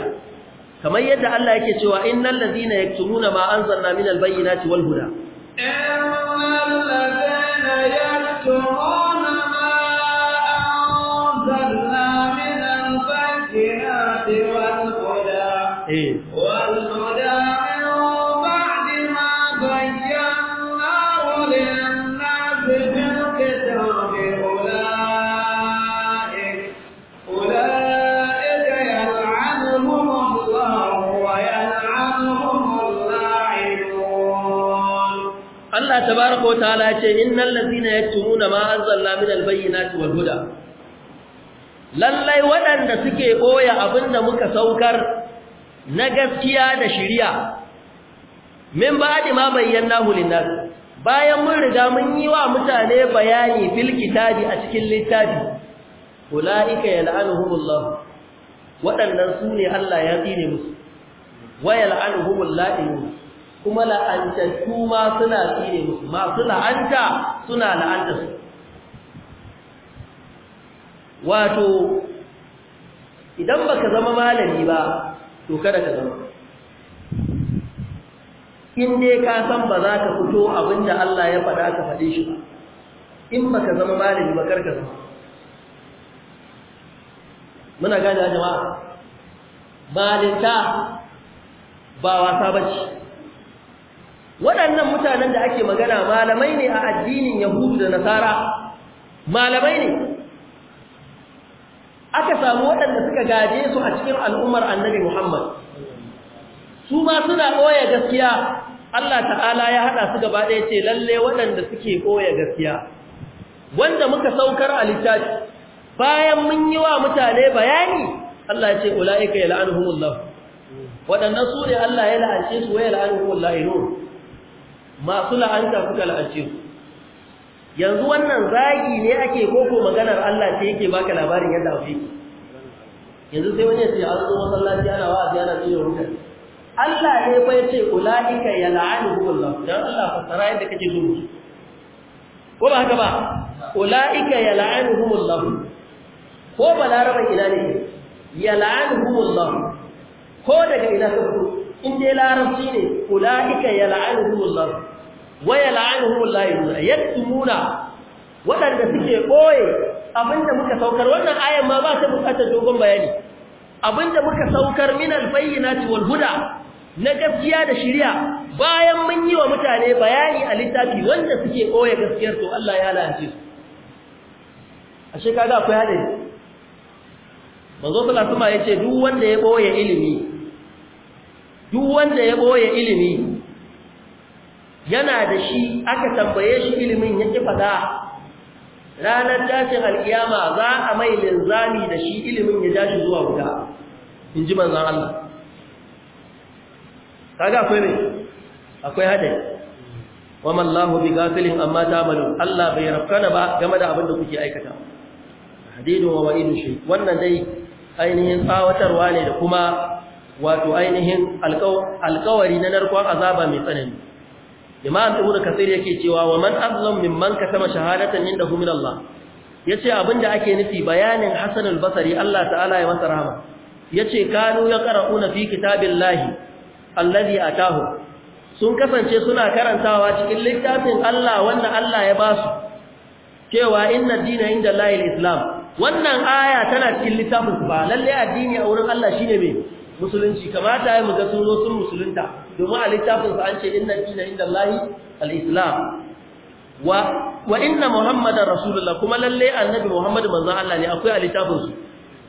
kamar yadda Allah yake cewa innal ladina yaktumuna ma anzalna min al-bayyinati wal huda innal ladina yaktumuna ta'ala ya ce innal ladina yaktumuna ma anzalna min albayyinati wal huda lallai waɗanda suke boye abinda muka saukar na gaskiya da shari'a min ba'di ma bayyanahu linnas bayan mun riga mun yi wa mutane bayani fil kitabi a cikin littafi ulaika yal'anuhumullah waɗannan su Allah ya tsine musu wa la'inun kuma la'antattu ma suna tsire musu masu la'anta suna la'anta su wato idan baka zama malami ba to kada ka zama in dai ka san ba za ka fito abinda Allah ya faɗa ka faɗe shi ba in baka zama malami ba karka zama muna gane jama'a malinta ba wasa bace waɗannan mutanen da ake magana malamai ne a addinin yahudu da nasara malamai ne aka samu waɗanda suka gaje su a cikin al'ummar annabi muhammad su ma suna ɓoye gaskiya allah ta'ala ya haɗa su gaba ɗaya ce lalle waɗanda suke ɓoye gaskiya wanda muka saukar a littafi bayan mun yi wa mutane bayani allah ya ce ula'ika ya la'anuhumullah waɗannan su ne allah ya la'ance su wa ya la'anuhumullah ya masu la'anta suka la'ance su yanzu wannan zagi ne ake koko maganar Allah ce yake baka labarin yadda abu yanzu sai wani ya ce an zo masallaci ana wa'azi ana tsaye mutane Allah ne fa yace ulaika yal'anuhumullah dan Allah fasara yadda kake so mu ko ba haka ba ulaika yal'anuhumullah ko balaraban ina ne yal'anuhumullah ko daga ina ka fito in dai larabci ne ulaika yal'anuhumullah waya la'anuhum Allah yaktumuna wadanda suke koye abinda muka saukar wannan ayan ma ba ta bukatar dogon bayani abinda muka saukar min albayyinati wal huda na gaskiya da shari'a bayan mun yi wa mutane bayani a littafi wanda suke koye gaskiyar to Allah ya lalace su ashe kaga akwai hadari manzo sallallahu alaihi yace duk wanda ya boye ilimi duk wanda ya boye ilimi yana da shi aka tambaye shi ilimin ya ƙi faɗa ranar tashin alkiyama za a mai linzami da shi ilimin ya tashi zuwa wuta in ji manzan Allah kaga akwai mai akwai hadari wa mallahu bi gafilin amma ta malu Allah bai rafkana ba game da abin da kuke aikata hadidun wa wa'idun shi wannan dai ainihin tsawatarwa ne da kuma wato ainihin alƙawari na narkon azaba mai tsanani imam ibnu kasir yake cewa wa man azlam mimman katama shahadatan hu min Allah yace abinda ake nufi bayanin Hasan al-Basri Allah ta'ala ya masa rahama yace kanu yaqra'una fi kitabillahi alladhi atahu sun kasance suna karantawa cikin littafin Allah wanda Allah ya basu cewa inna dina inda Allah islam wannan aya tana cikin littafin ba lalle addini a wurin Allah shine me musulunci kamata ya muga sun zo sun musulunta domin a littafin sa an ce inna dina inda Allah al-islam wa wa inna muhammadar rasulullah kuma lalle annabi muhammad manzon Allah ne akwai a littafin su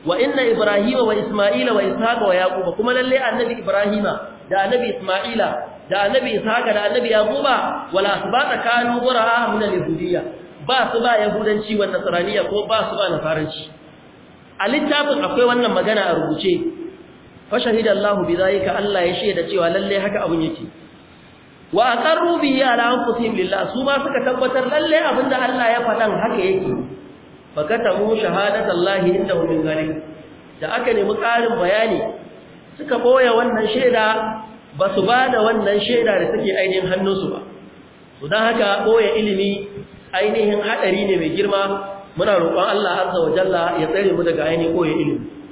wa inna ibrahima wa isma'ila wa ishaqa wa yaquba kuma lalle annabi ibrahima da annabi isma'ila da annabi ishaqa da annabi yaquba wala asbata kanu qura'a min al-yahudiyya ba su ba yahudanci wa nasraniya ko ba su ba nasaranci a littafin akwai wannan magana a rubuce fa shahida Allah bi zalika Allah ya shaida cewa lalle haka abun yake wa aqarru bi ala anfusihim lillah su ma suka tabbatar lalle abinda Allah ya faɗan haka yake fakatamu inda indahu min zalik da aka nemi ƙarin bayani suka boye wannan shaida ba su ba da wannan shaida da take ainihin hannunsu ba su haka boye ilimi ainihin haɗari ne mai girma muna roƙon Allah azza wa jalla ya tsare mu daga ainihin boye ilimi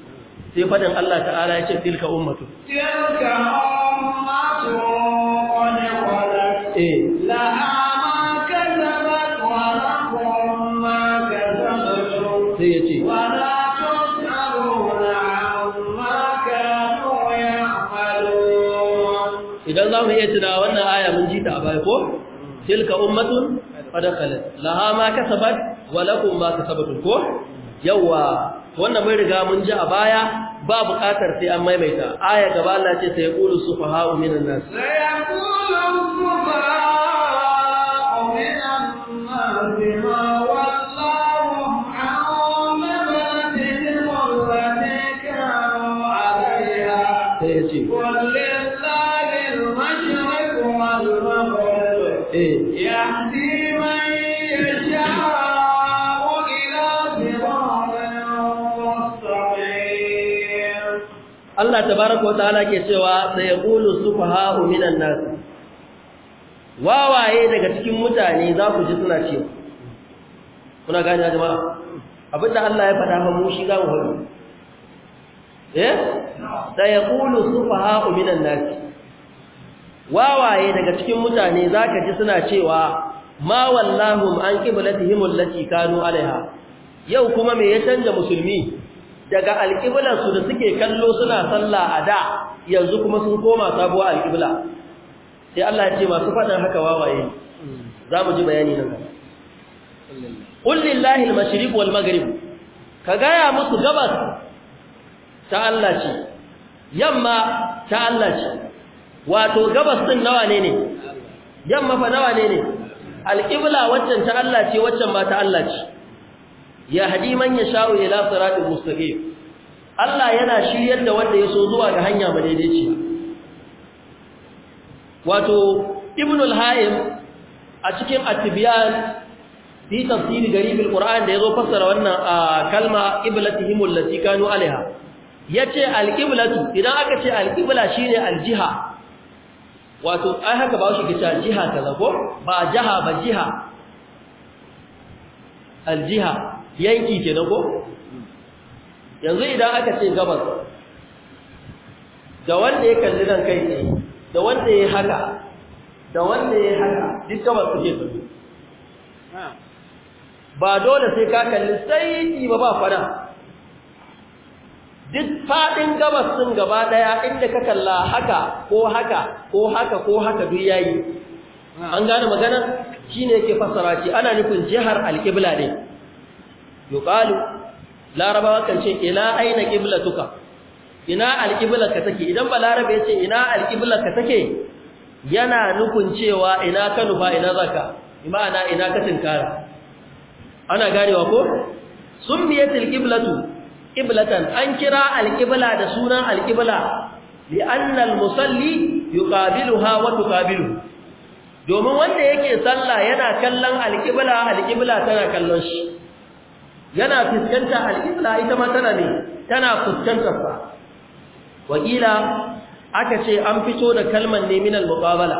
sai fadin Allah ta'ala ya ce tilka ummatu tilka ummatu qad wala eh laha ma kasabat wa lakum ma kasabtum sai ya ce wa la tus'aluna amma kanu ya'malun idan za mu iya tuna wannan aya mun ji ta a baya ko tilka ummatu, qad qalat laha ma kasabat wa lakum ma kasabtum ko yawa wannan mai riga mun ji a baya ba buƙatar sai an maimaita aya gaba Allah ce sai yaqulu sufaha'u minan nas sai yaqulu sufaha'u minan nas ma wa Allah tabaraka wa ta'ala ke cewa sayaqulu sufaha'u minan nas wawaye daga cikin mutane za ku ji suna cewa kuna gani jama'a abinda Allah ya faɗa fa mu shi za mu hudu eh sayaqulu sufaha'u minan nas wawaye daga cikin mutane za ka ji suna cewa ma wallahum an qiblatihim allati kanu alaiha yau kuma me ya canja musulmi daga su da suke kallo suna sallah a da yanzu kuma sun koma sabuwar alƙibla sai Allah ya ce masu faɗin haka wawaye za mu ji bayani nan kullillahi al-mashriq wal maghrib ka gaya musu gabas ta Allah ce yamma ta Allah ce wato gabas din nawa ne ne yamma fa nawa ne ne al-qibla waccan ta Allah ce waccan ba ta Allah ce yahdi man yasha'u ila siratin mustaqim Allah yana shiryar da wanda yaso zuwa ga hanya ce. wato Ibnul haim a cikin at-tibyan fi tafsir garib al-qur'an da yazo fassara wannan kalma qiblatihim allati kanu alaiha yace al idan aka ce al-qibla shine al wato ai haka ba shi kace jiha ta ko ba jaha ba jiha Aljiha. yanki ke na ko yanzu idan aka ce gabas da wanda ya kalli nan kai ne da wanda ya haka da wanda ya haka duk gabas suke tafi ba dole sai ka kalli sai ba ba fara duk fadin gabas sun gaba daya inda ka kalla haka ko haka ko haka ko haka duk yayi an gane magana shine yake fassara ce ana nufin jihar alqibla ne yuqalu larabawa kan ce ila aina qiblatuka ina alqiblaka take idan ba larabe yace ina alqiblaka take yana nufin cewa ina kanu nufa ina zaka imana ina katin kara ana garewa ko summiyatil qiblatu qiblatan an kira alqibla da sunan alqibla li'anna al-musalli yuqabiluha wa tuqabilu domin wanda yake sallah yana kallon alqibla alqibla tana kallon shi yana fuskanta al ita ma tana ne tana fuskantar sa wakila aka ce an fito da kalman ne al-muqabala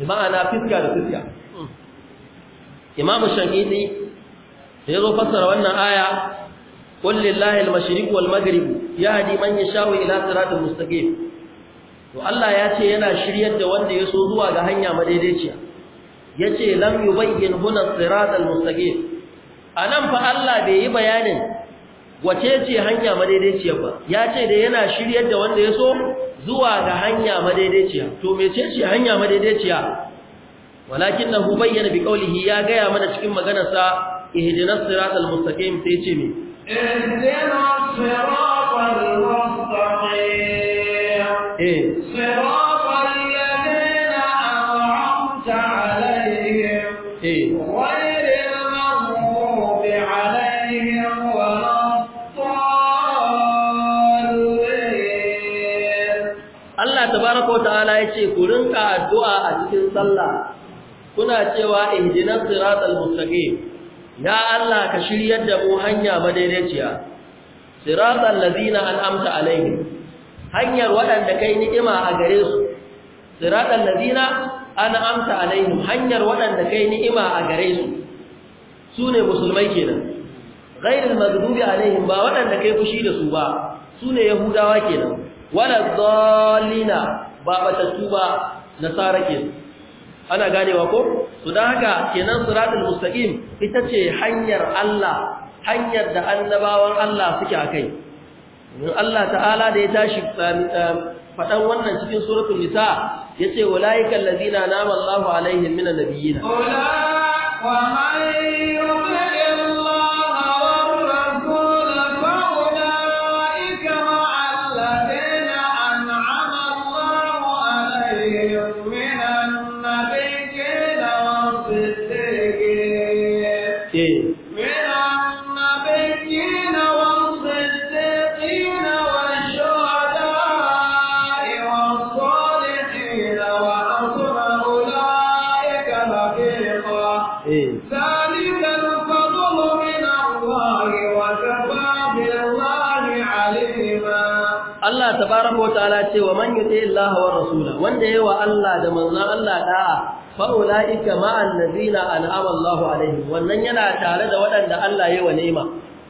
ma'ana fiska da fiska imam shafi'i da yazo fassara wannan aya qul lillahi al-mashriq wal maghrib yahdi man yashau ila siratal mustaqim to Allah ya ce yana shiryar da wanda ya so zuwa ga hanya madaidaiciya yace lam yubayyin huna siratal mustaqim a nan fa Allah bai yi bayanin wace ce hanya madaidaiciya ba ya ce da yana shiryar da wanda ya so zuwa ga hanya madaidaiciya to mece ce hanya madaidaiciya walakin nahu bayyana bi qawlihi ya gaya mana cikin maganarsa ihdinas siratal mustaqim sai ce me ihdinas siratal mustaqim eh siratal ce ku rinka addu'a a cikin sallah kuna cewa ihdinas siratal mustaqim ya Allah ka shiryar da mu hanya madaidaiciya siratal ladina an'amta alaihim hanyar waɗanda kai ni'ima a gare su siratal ladina an'amta alaihim hanyar waɗanda kai ni'ima a gare su sune musulmai kenan ghairil maghdubi alaihim ba waɗanda kai fushi da su ba sune yahudawa kenan wala dhallina ba batattu ba nasara ke ana ganewa ko to dan haka kenan siratul mustaqim ita ce hanyar Allah hanyar da annabawan Allah suke akai in Allah ta'ala da ya tashi um, um, fadan wannan cikin suratul nisa yace walaikal ladina namallahu Allahu alaihim minan nabiyina wa man yuti Allah wa rasula wanda yawa Allah da manzon Allah da'a fa ulaika ma allazina an'ama Allah alaihim wannan yana tare da waɗanda Allah yawa ni'ima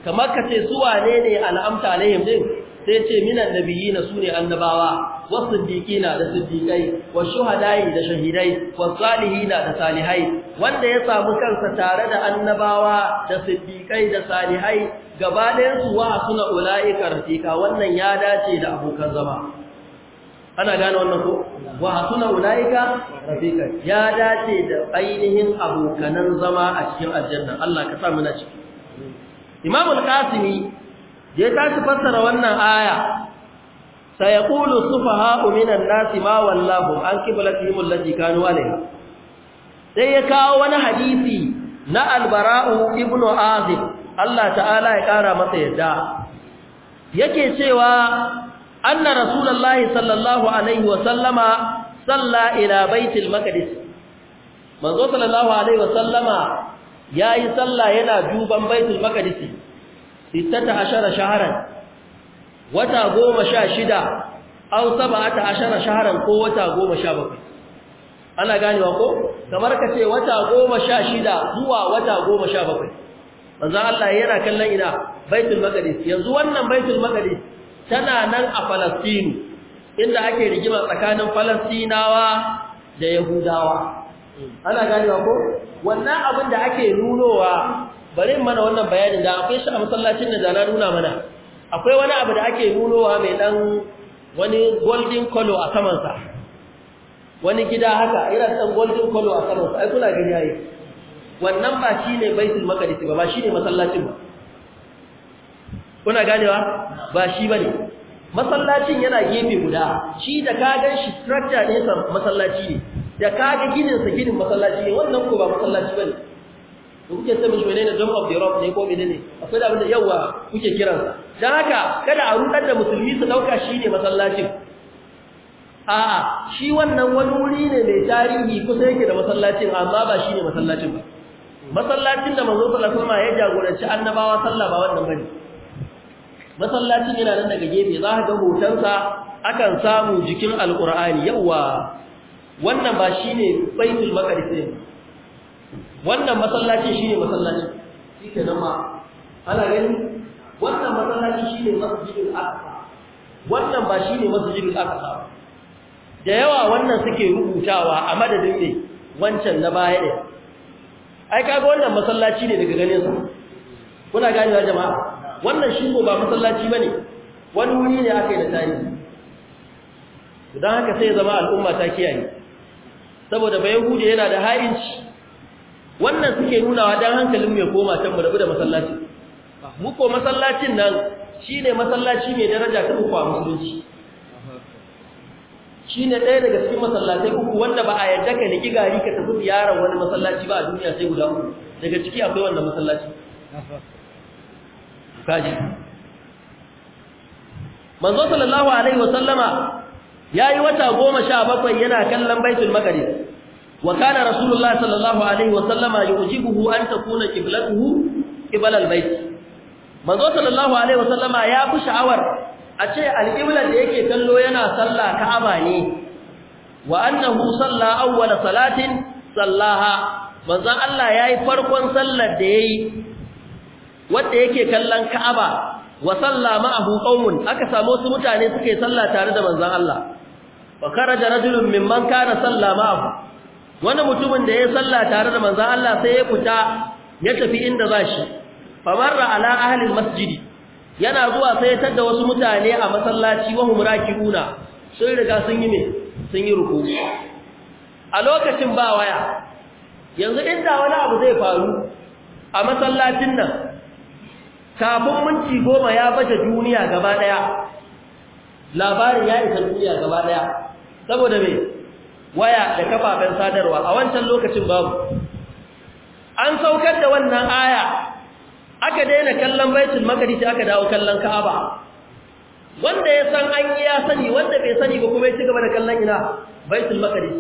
kamar ka ce su wane ne al'amta alaihim din sai ce minan nabiyina sune annabawa wasiddiqina da siddiqai wa shuhadai da shahidai wa salihina da salihai wanda ya samu kansa tare da annabawa da siddiqai da salihai gabaɗayan su wa suna ulaika rafiqa wannan ya dace da abokan zama ana gane wannan ko wa hasuna ulaika rafiqan ya dace da ainihin abokanan zama a cikin aljanna Allah ka sa muna ciki Imam al-Qasimi ya tashi fassara wannan aya sayaqulu sufaha'u minan nasi ma wallahu an kiblatihim allati kanu alayha sai ya kawo wani hadisi na al-bara'u ibn azib Allah ta'ala ya kara masa yadda yake cewa anna rasulullahi sallallahu alaihi wa sallama salla ila baitul maqdis manzo sallallahu alaihi wa sallama yayi sallah yana duban baitul maqdis 16 shaharan wata 16 aw 17 shaharan ko wata 17 ana ganewa ko kamar kace wata 16 zuwa wata 17 manzo Allah yana kallon ina baitul maqdis yanzu wannan baitul maqdis tana nan a Falastinu inda ake rigima tsakanin Falastinawa da Yahudawa ana ganewa ko wannan abin da ake nunowa bari mana wannan bayanin da akwai shi a masallacin da na nuna mana akwai wani abu da ake nunowa mai dan wani golden color a samansa wani gida haka yana dan golden color a samansa ai kuna gani ai wannan ba shine baitul maqdis ba ba shine masallacin ba kuna ganewa ba shi bane masallacin yana gefe guda shi da ka gan shi structure ne sa masallaci ne da ka ga ginin sa ginin masallaci ne wannan ko ba masallaci bane to kuke sami shi menene jump of the rope ne ko menene akwai da abinda yawa kuke sa dan haka kada a rudar da musulmi su dauka shi ne masallacin a'a shi wannan wani wuri ne mai tarihi kusa yake da masallacin amma ba shi ne masallacin ba masallacin da manzo sallallahu alaihi wasallam ya jagoranci annabawa sallah ba wannan bane masallacin yana nan daga gefe za ka ga hotonsa akan samu jikin alkur'ani yawa wannan ba shine baitul maqdis ne wannan masallaci shine masallaci ke nan ma ana gani wannan masallaci shine masjidul aqsa wannan ba shine masjidul aqsa da yawa wannan suke rubutawa a madadin ne wancan na baya ɗaya ai kaga wannan masallaci ne daga ganin sa kuna gani jama'a wannan shingo ba masallaci bane wani wuri ne aka yi da tani don haka sai zama al'umma ta kiyaye saboda bayan hude yana da ha'inci wannan suke nunawa dan hankalin ya koma can mu da masallaci mu ko masallacin nan shine masallaci mai daraja ta uku a musulunci shine ɗaya daga cikin masallatai uku wanda ba a yarda ka niki gari ka tafi yaron wani masallaci ba a duniya sai guda uku daga ciki akwai wannan masallaci kaji manzo sallallahu alaihi wasallama yayi wata 17 yana kallon baitul maqdis wa kana rasulullah sallallahu alaihi wasallama yujibuhu an takuna qiblatuhu qibla albayt manzo sallallahu alaihi wasallama ya fi sha'awar a ce alqiblan da yake kallo yana sallah ka'aba ne wa annahu salla awwala salatin sallaha manzo Allah yayi farkon sallar da yayi wanda yake kallon Ka'aba wa salla ma'ahu qaumun aka samu wasu mutane suke sallah tare da manzon Allah wa kharaja rajulun mimman kana salla ma'ahu wani mutumin da ya sallah tare da manzon Allah sai ya fita ya tafi inda zashi fa barra ala ahli masjidi yana zuwa sai ya tada wasu mutane a masallaci wa hum raki'una sun riga sun yi me sun yi ruku a lokacin ba waya yanzu inda wani abu zai faru a masallacin nan kafin minti goma ya baje duniya gaba daya labarin ya isa duniya gaba daya saboda me waya da kafafen sadarwa a wancan lokacin babu an saukar da wannan aya aka daina kallon baitul maqdis aka dawo kallon ka'aba wanda ya san an yi ya sani wanda bai sani ba kuma ya ci gaba da kallon ina baitul maqdis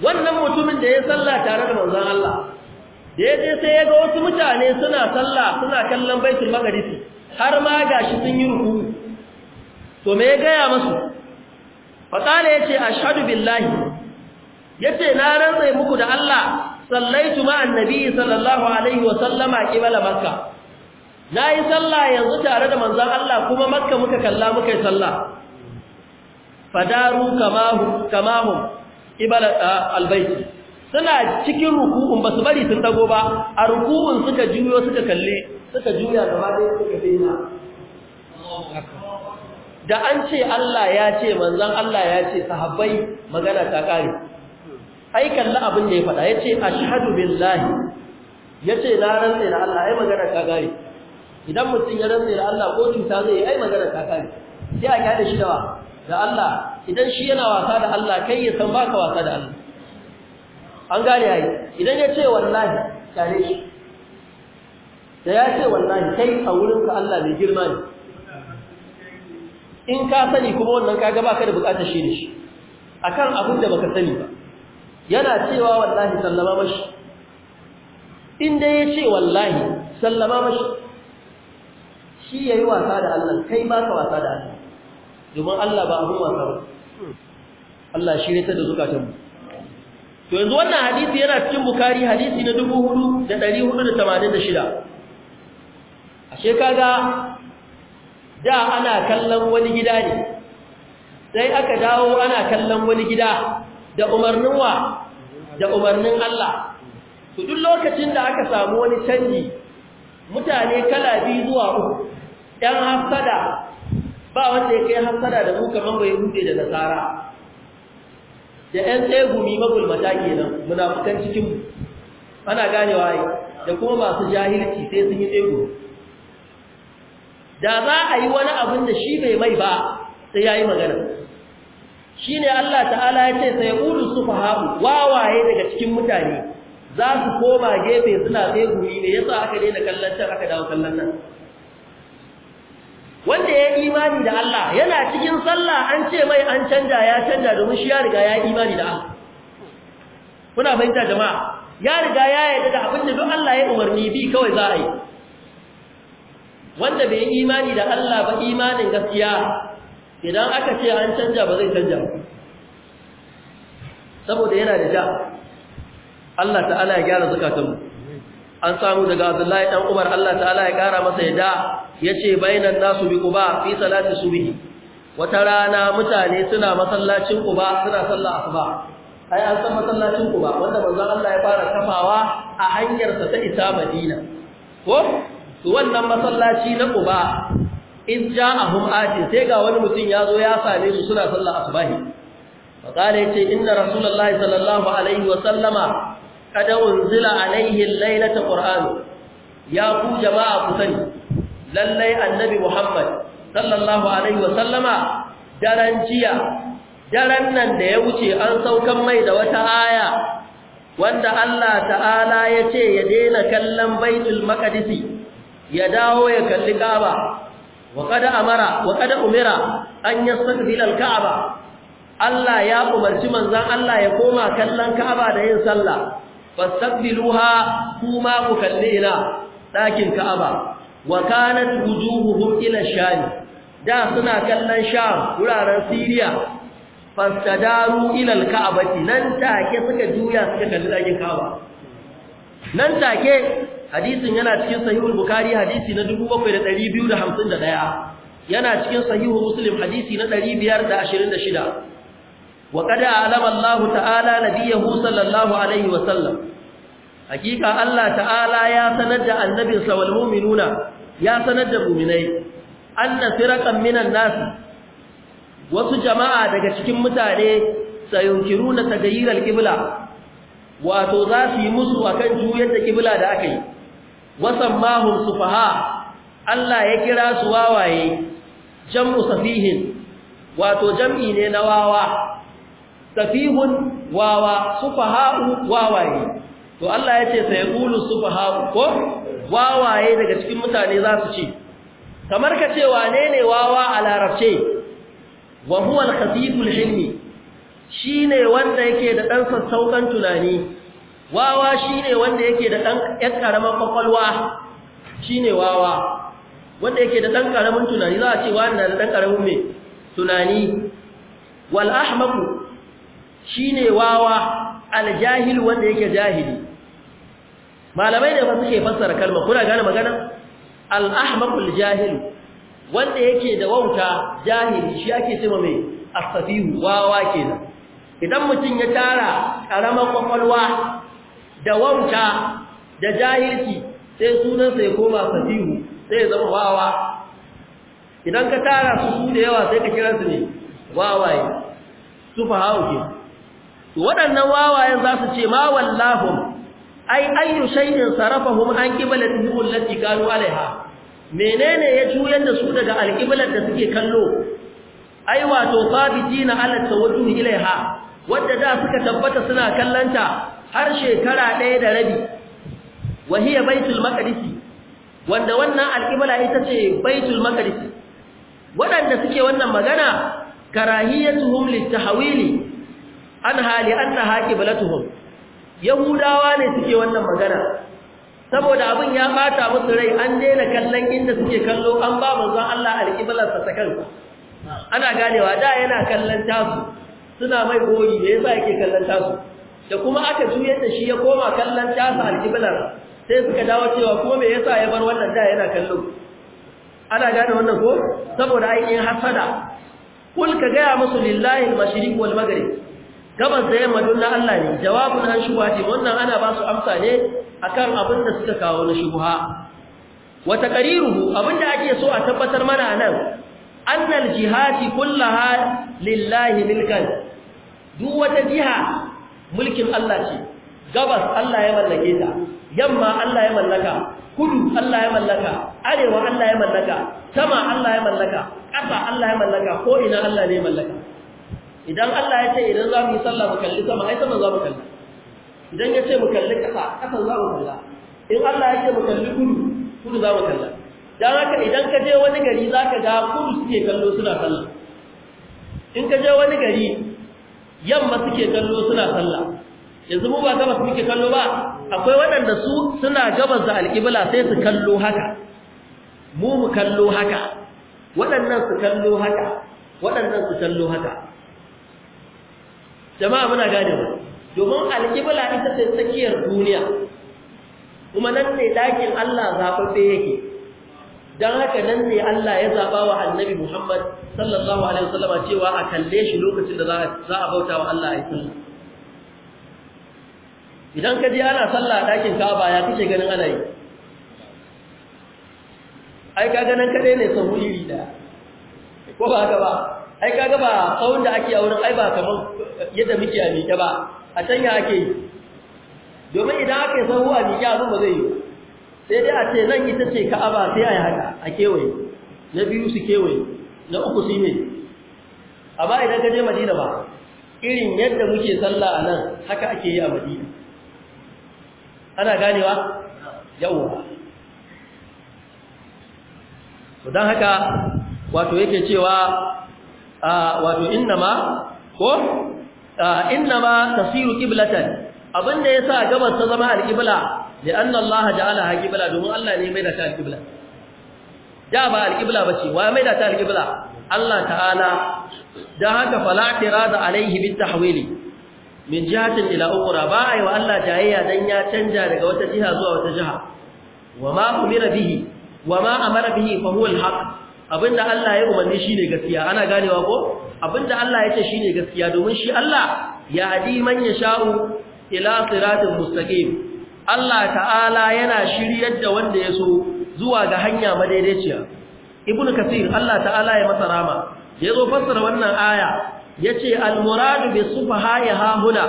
wannan mutumin da ya sallah tare da manzon Allah ya je sai ya ga wasu mutane suna salla suna kallon baitul maqdis har ma gashi sun yi ruku to me ya gaya musu ce, yace ashhadu billahi yace na rantsa muku da Allah sallaitu ma annabi sallallahu alaihi wa sallama qibla makka nayi sallah yanzu tare da manzon Allah kuma makka muka kalla muka yi sallah fadaru kamahu ibala qibla albayt suna cikin ruku'un ba su bari sun dago ba a ruku'un suka juyo suka kalle suka juya gaba ɗaya suka daina da an ce Allah ya ce manzon Allah ya ce sahabbai magana ta kare ai kalli abin da ya faɗa ya ce ashhadu billahi ya ce na rantse da Allah ai magana ta kare idan mutum ya rantse da Allah ko cuta zai ai magana ta kare sai a kyale shi da Allah idan shi yana wasa da Allah kai ya san baka wasa da Allah an gane yayi idan ya ce wallahi tare shi da ya ce wallahi kai a wurinka Allah mai girma ne in ka sani kuma wannan ka ga baka da bukatar shi da shi akan abin da baka sani ba yana cewa wallahi sallama mashi in dai ya ce wallahi sallama mashi shi yayi wasa da Allah kai ba ka wasa da Allah domin Allah ba abin wasa ba Allah shi ne ta da zukatanmu to yanzu wannan hadisi yana cikin bukari hadisi na 4486 ashe kaga da ana kallon wani gida ne sai aka dawo ana kallon wani gida da umarnin wa da umarnin Allah to duk lokacin da aka samu wani canji mutane kala biyu zuwa uku dan hasada ba wanda ya kai hasada da mu kaman bai hude da nasara da ƴan tsegumi magulmata kenan munafukan cikin ana ganewa waye, da kuma masu jahilci sai sun yi tsegumi da za a yi wani abin da shi bai mai ba sai ya yi magana Shi ne Allah ta'ala ya ce sai su sufaha'u wawaye daga cikin mutane za su koma gefe suna tsegumi ne yasa aka daina kallon aka dawo kallon nan wanda ya imani da Allah yana cikin sallah an ce mai an canja ya canja domin shi ya riga ya imani da Allah kuna fahimta jama'a ya riga ya yadda da abin da duk Allah ya umarni bi kawai za a yi wanda bai imani da Allah ba imanin gaskiya idan aka ce an canja ba zai canja saboda yana da ja Allah ta'ala ya gyara zukatanmu an samu daga Abdullahi dan Umar Allah ta'ala ya kara masa yadda Ya yace bainan nasu bi quba fi salati subhi wata rana mutane suna masallacin quba suna sallah asuba ai an san masallacin quba wanda manzon Allah ya fara kafawa a hanyarsa ta isa Madina ko to wannan masallaci na quba in ja a ati sai ga wani mutum ya zo ya same su suna sallah asubahi fa kale yace inna rasulullahi sallallahu alaihi wa sallama kada unzila alaihi lailata qur'an ya ku jama'a ku sani lallai annabi Muhammad sallallahu alaihi sallama, daren jiya daren nan da ya wuce an saukan mai da wata aya wanda Allah ta'ala ya ce ya daina kallon baitul maqdisi ya dawo ya kalli Ka'aba wa qad amara wa qad umira an yastaqbila al-Ka'aba Allah ya umarci manzon Allah ya koma kallon Ka'aba da yin sallah fastaqbiluha kuma ku kalli ina dakin Ka'aba wa kanat wujuhuhum ila sham da suna kallon sham wuraren siriya fastadaru ila alka'bati nan take suka juya suka kalli dakin ka'aba nan take hadisin yana cikin sahihul bukhari hadisi na 7251 yana cikin sahihul muslim hadisi na 526 wa qad alama allah ta'ala nabiyahu sallallahu alaihi wa sallam hakika Allah ta'ala ya sanar da annabinsa wal mu'minuna ya sanar da mu'minai anna firaqan minan nas wasu jama'a daga cikin mutane sayunkiruna tagayyir al-qibla wato za su yi musu akan juyar da qibla da aka yi wasammahum sufaha Allah ya kira su wawaye jam'u safihin wato jam'i ne na wawa safihun wawa sufaha'u wawaye to Allah ya ce sai ulu subha ko wawaye daga cikin mutane za su ce kamar ka ce wane ne wawa a larabce wa huwa al khatibul hilmi shine wanda yake da dan sassaukan tunani wawa shine wanda yake da dan ƴan karaman kwakwalwa shine wawa wanda yake da dan karamin tunani za a ce wannan da dan karamin me tunani wal ahmaq shine wawa al jahil wanda yake jahili malamai ne ba suke fassara kalma kuna gane magana al-ahmaqul jahil wanda yake da wauta jahili shi ake cewa mai as-safihu wawa kenan idan mutum ya tara karamar kwakwalwa da wauta da jahilci sai sunansa ya koma safihu sai ya zama wawa idan ka tara su su da yawa sai ka kira su ne wawaye su fahawu ke waɗannan wawayen za su ce ma wallahu ai ayyu shay'in sarafahum an qiblatihim allati kanu alaiha menene ya juyar da su daga alqiblar da suke kallo ai wato sabitina ala tawajjuh ilaiha wanda da suka tabbata suna kallanta har shekara ɗaya da rabi wahiya baitul maqdis wanda wannan alqibla ita ce baitul maqdis wadanda suke wannan magana karahiyatuhum litahwili an hali annaha qiblatuhum yahudawa ne suke wannan magana saboda abin ya bata musu rai an daina kallon inda suke kallo an ba manzon Allah alƙiblarsa ta kan, ana ganewa da yana kallon tasu suna mai goyi da yasa yake kallon tasu da kuma aka juyar da shi ya koma kallon tasu alƙiblar sai suka dawo cewa kuma me yasa ya bar wannan da yana kallo ana gane wannan ko saboda ai in hasada kul ka ga musu lillahi al-mashriq wal maghrib gabas da yamma na Allah ne jawabun an shubha ce wannan ana ba su amsa ne akan abin da suka kawo na shubha wa taqriruhu da ake so a tabbatar mana nan annal jihati kullaha lillahi milkan duk wata jiha mulkin Allah ce gabas Allah ya mallake ta yamma Allah ya mallaka kudu Allah ya mallaka arewa Allah ya mallaka sama Allah ya mallaka ƙasa Allah ya mallaka ko ina Allah ne ya mallaka idan Allah ya ce idan za mu yi sallah mu kalli sama ai sama za mu kalli idan ya ce mu kalli ƙasa ƙasa za mu kalla in Allah ya ce mu kalli kudu kudu za mu kalla dan haka idan ka je wani gari za ka ga kudu suke kallo suna sallah in ka je wani gari yamma suke kallo suna sallah yanzu mu ba gabas suke kallo ba akwai waɗanda su suna gabas da alƙibla sai su kallo haka mu mu kallo haka waɗannan su kallo haka waɗannan su kallo haka jama'a muna gane ba domin alƙibla ita ce tsakiyar duniya kuma nan ne ɗakin Allah zaɓaɓɓe yake don haka nan ne Allah ya zaɓa wa annabi Muhammad sallallahu alaihi wasallama cewa a kalle shi lokacin da za a bauta wa Allah a yi idan ka je ana sallah a ɗakin kaba ya kace ganin ana yi ai ka ganin kadai ne sahu da ko ba haka ba ai kaga ba tsawon da ake a wurin ai ba kamar yadda muke a miƙe ba a can ya ake yi domin idan aka yi sahu a miƙe abin ba zai yi sai dai a ce nan ita ce ka'aba sai a yi haka a kewaye na biyu su kewaye na uku su ne amma idan ka je madina ba irin yadda muke sallah a nan haka ake yi a madina ana ganewa yawwa to don haka wato yake cewa wato innama ko innama tasiru qiblatan abinda yasa gabas ta zama alqibla لأن الله ala قبلة domin Allah ne mai da ta alqibla da ba alqibla bace wa mai da ta alqibla Allah ta'ala dan haka fala tirada alaihi bit tahwili min jihatin ila ukhra ba ai wa Allah jayayya dan ya canja daga wata jiha zuwa wata jiha wa ma umira bihi wa ma amara bihi fa huwa alhaq abinda Allah ya umarni shine gaskiya ana ganewa ko abinda Allah ya ce shine gaskiya domin shi Allah ya hadi man yasha'u ila siratin mustaqim Allah ta'ala yana shiryar da wanda yaso zuwa ga hanya madaidaiciya ibnu kasir Allah ta'ala ya masa rama yazo fassara wannan aya yace al-muradu bi subha ha huna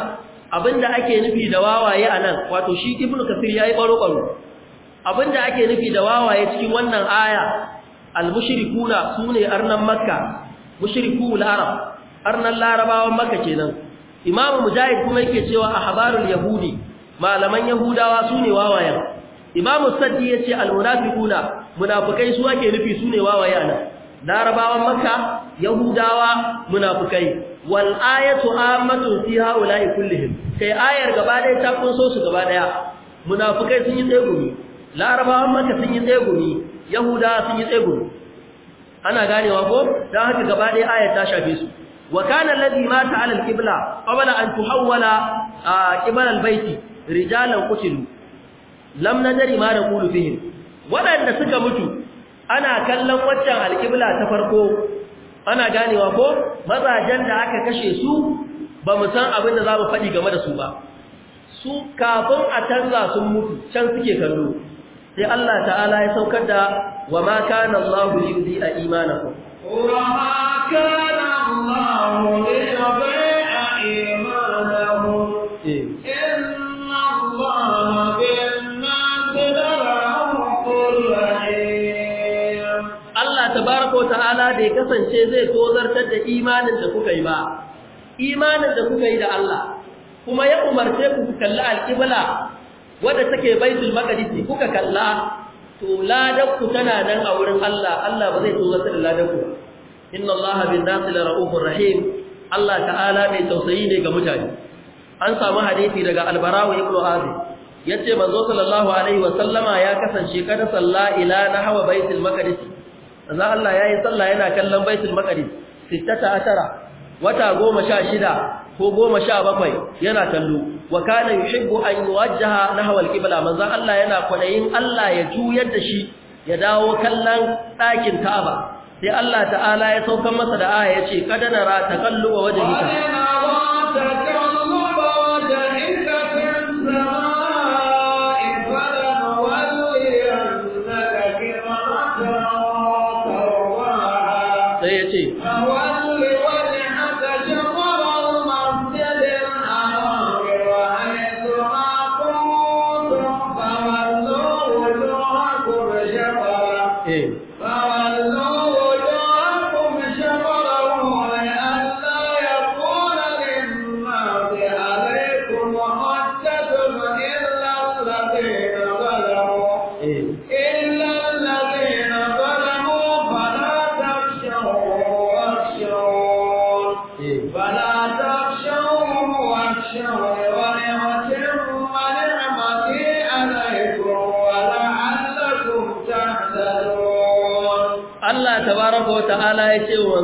abinda ake nufi da wawaye anan wato shi ibnu kasir yayi baro baro abinda ake nufi da wawaye cikin wannan aya al-mushrikuna sune arnan makka mushrikul arab arnan larabawan makka kenan imam mujahid kuma yake cewa ahbarul yahudi malaman yahudawa ne wawayan imam sadi yace almunafiquna munafikai su ake nufi sune wawaye nan larabawan makka yahudawa munafikai wal ayatu amatu fi haula'i kullihim sai ayar gaba dai ta kunso su gaba daya munafikai sun yi tsegumi larabawan makka sun yi tsegumi yahuda sun yi tsegulu ana ganewa ko don haka gaba ɗaya ayat ta shafe su wa kana alladhi mata ala al-qibla qabla an tuhawwala qibla al rijalan qutilu lam nadri ma naqulu fihim wadanda suka mutu ana kallon waccan al ta farko ana ganewa ko mazajen da aka kashe su ba mu san abin da za mu faɗi game da su ba su kafin a canza sun mutu can suke kallo sai Allah ta'ala ya saukar da wa ma kana Allah a imanaku wa ma kana eh. Allah a imanakum inna Allah bin dara rahim Allah tabaaraka ta'ala da ya kasance zai tozartar da imanin da kuka yi ba imanin da kuka yi da Allah kuma ya umarce ku kalli alƙibla wanda take baitul maqdis kuka kalla to ladanku tana nan a wurin Allah Allah ba zai tsoratar da ladanku inna Allah bin nasi la rahim Allah ta'ala mai tausayi ne ga mutane an samu hadisi daga albarawa ibn azib yace manzo sallallahu alaihi wa sallama ya kasance kada salla ila nahwa baitul maqdis manzo Allah yayi salla yana kallon baitul maqdis 16 wata 16 ko goma sha bakwai yana tallo wa kana yuhibbu an yuwajjaha nahwa al-qibla manzo Allah yana kwadayin Allah ya juyar da shi ya dawo kallon ɗakin Ka'aba sai Allah ta'ala ya saukar masa da aya yace qad nara wajen wajhika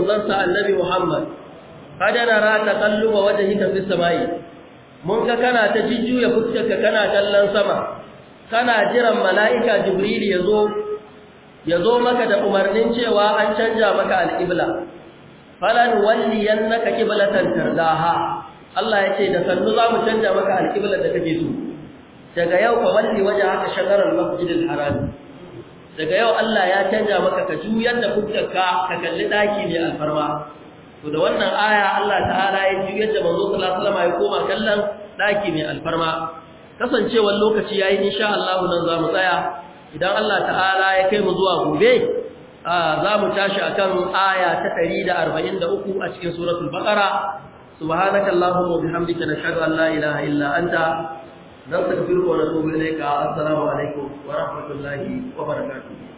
manzon sa annabi Muhammad kada nara wajen wajhika fis samai mun ka kana ta jujjuya fuskarka kana kallon sama kana jiran mala'ika jibril yazo zo maka da umarnin cewa an canja maka alqibla falan walliyannaka qiblatan tardaha Allah yace da sannu za mu canja maka alqiblar da kake so daga yau ka walli haka shagarar masjidil haram daga yau Allah ya canja maka ka juyar da fuskarka ka kalli daki mai alfarma to da wannan aya Allah ta'ala ya juyar da manzo sallallahu alaihi wasallam ya koma kallon daki mai alfarma kasancewar lokaci yayi insha Allah nan za mu tsaya idan Allah ta'ala ya kai mu zuwa gobe za mu tashi akan aya ta 143 a cikin suratul baqara subhanakallahumma wa bihamdika nashhadu an la ilaha illa anta نستغفرك ونتوب إليك السلام عليكم ورحمة الله وبركاته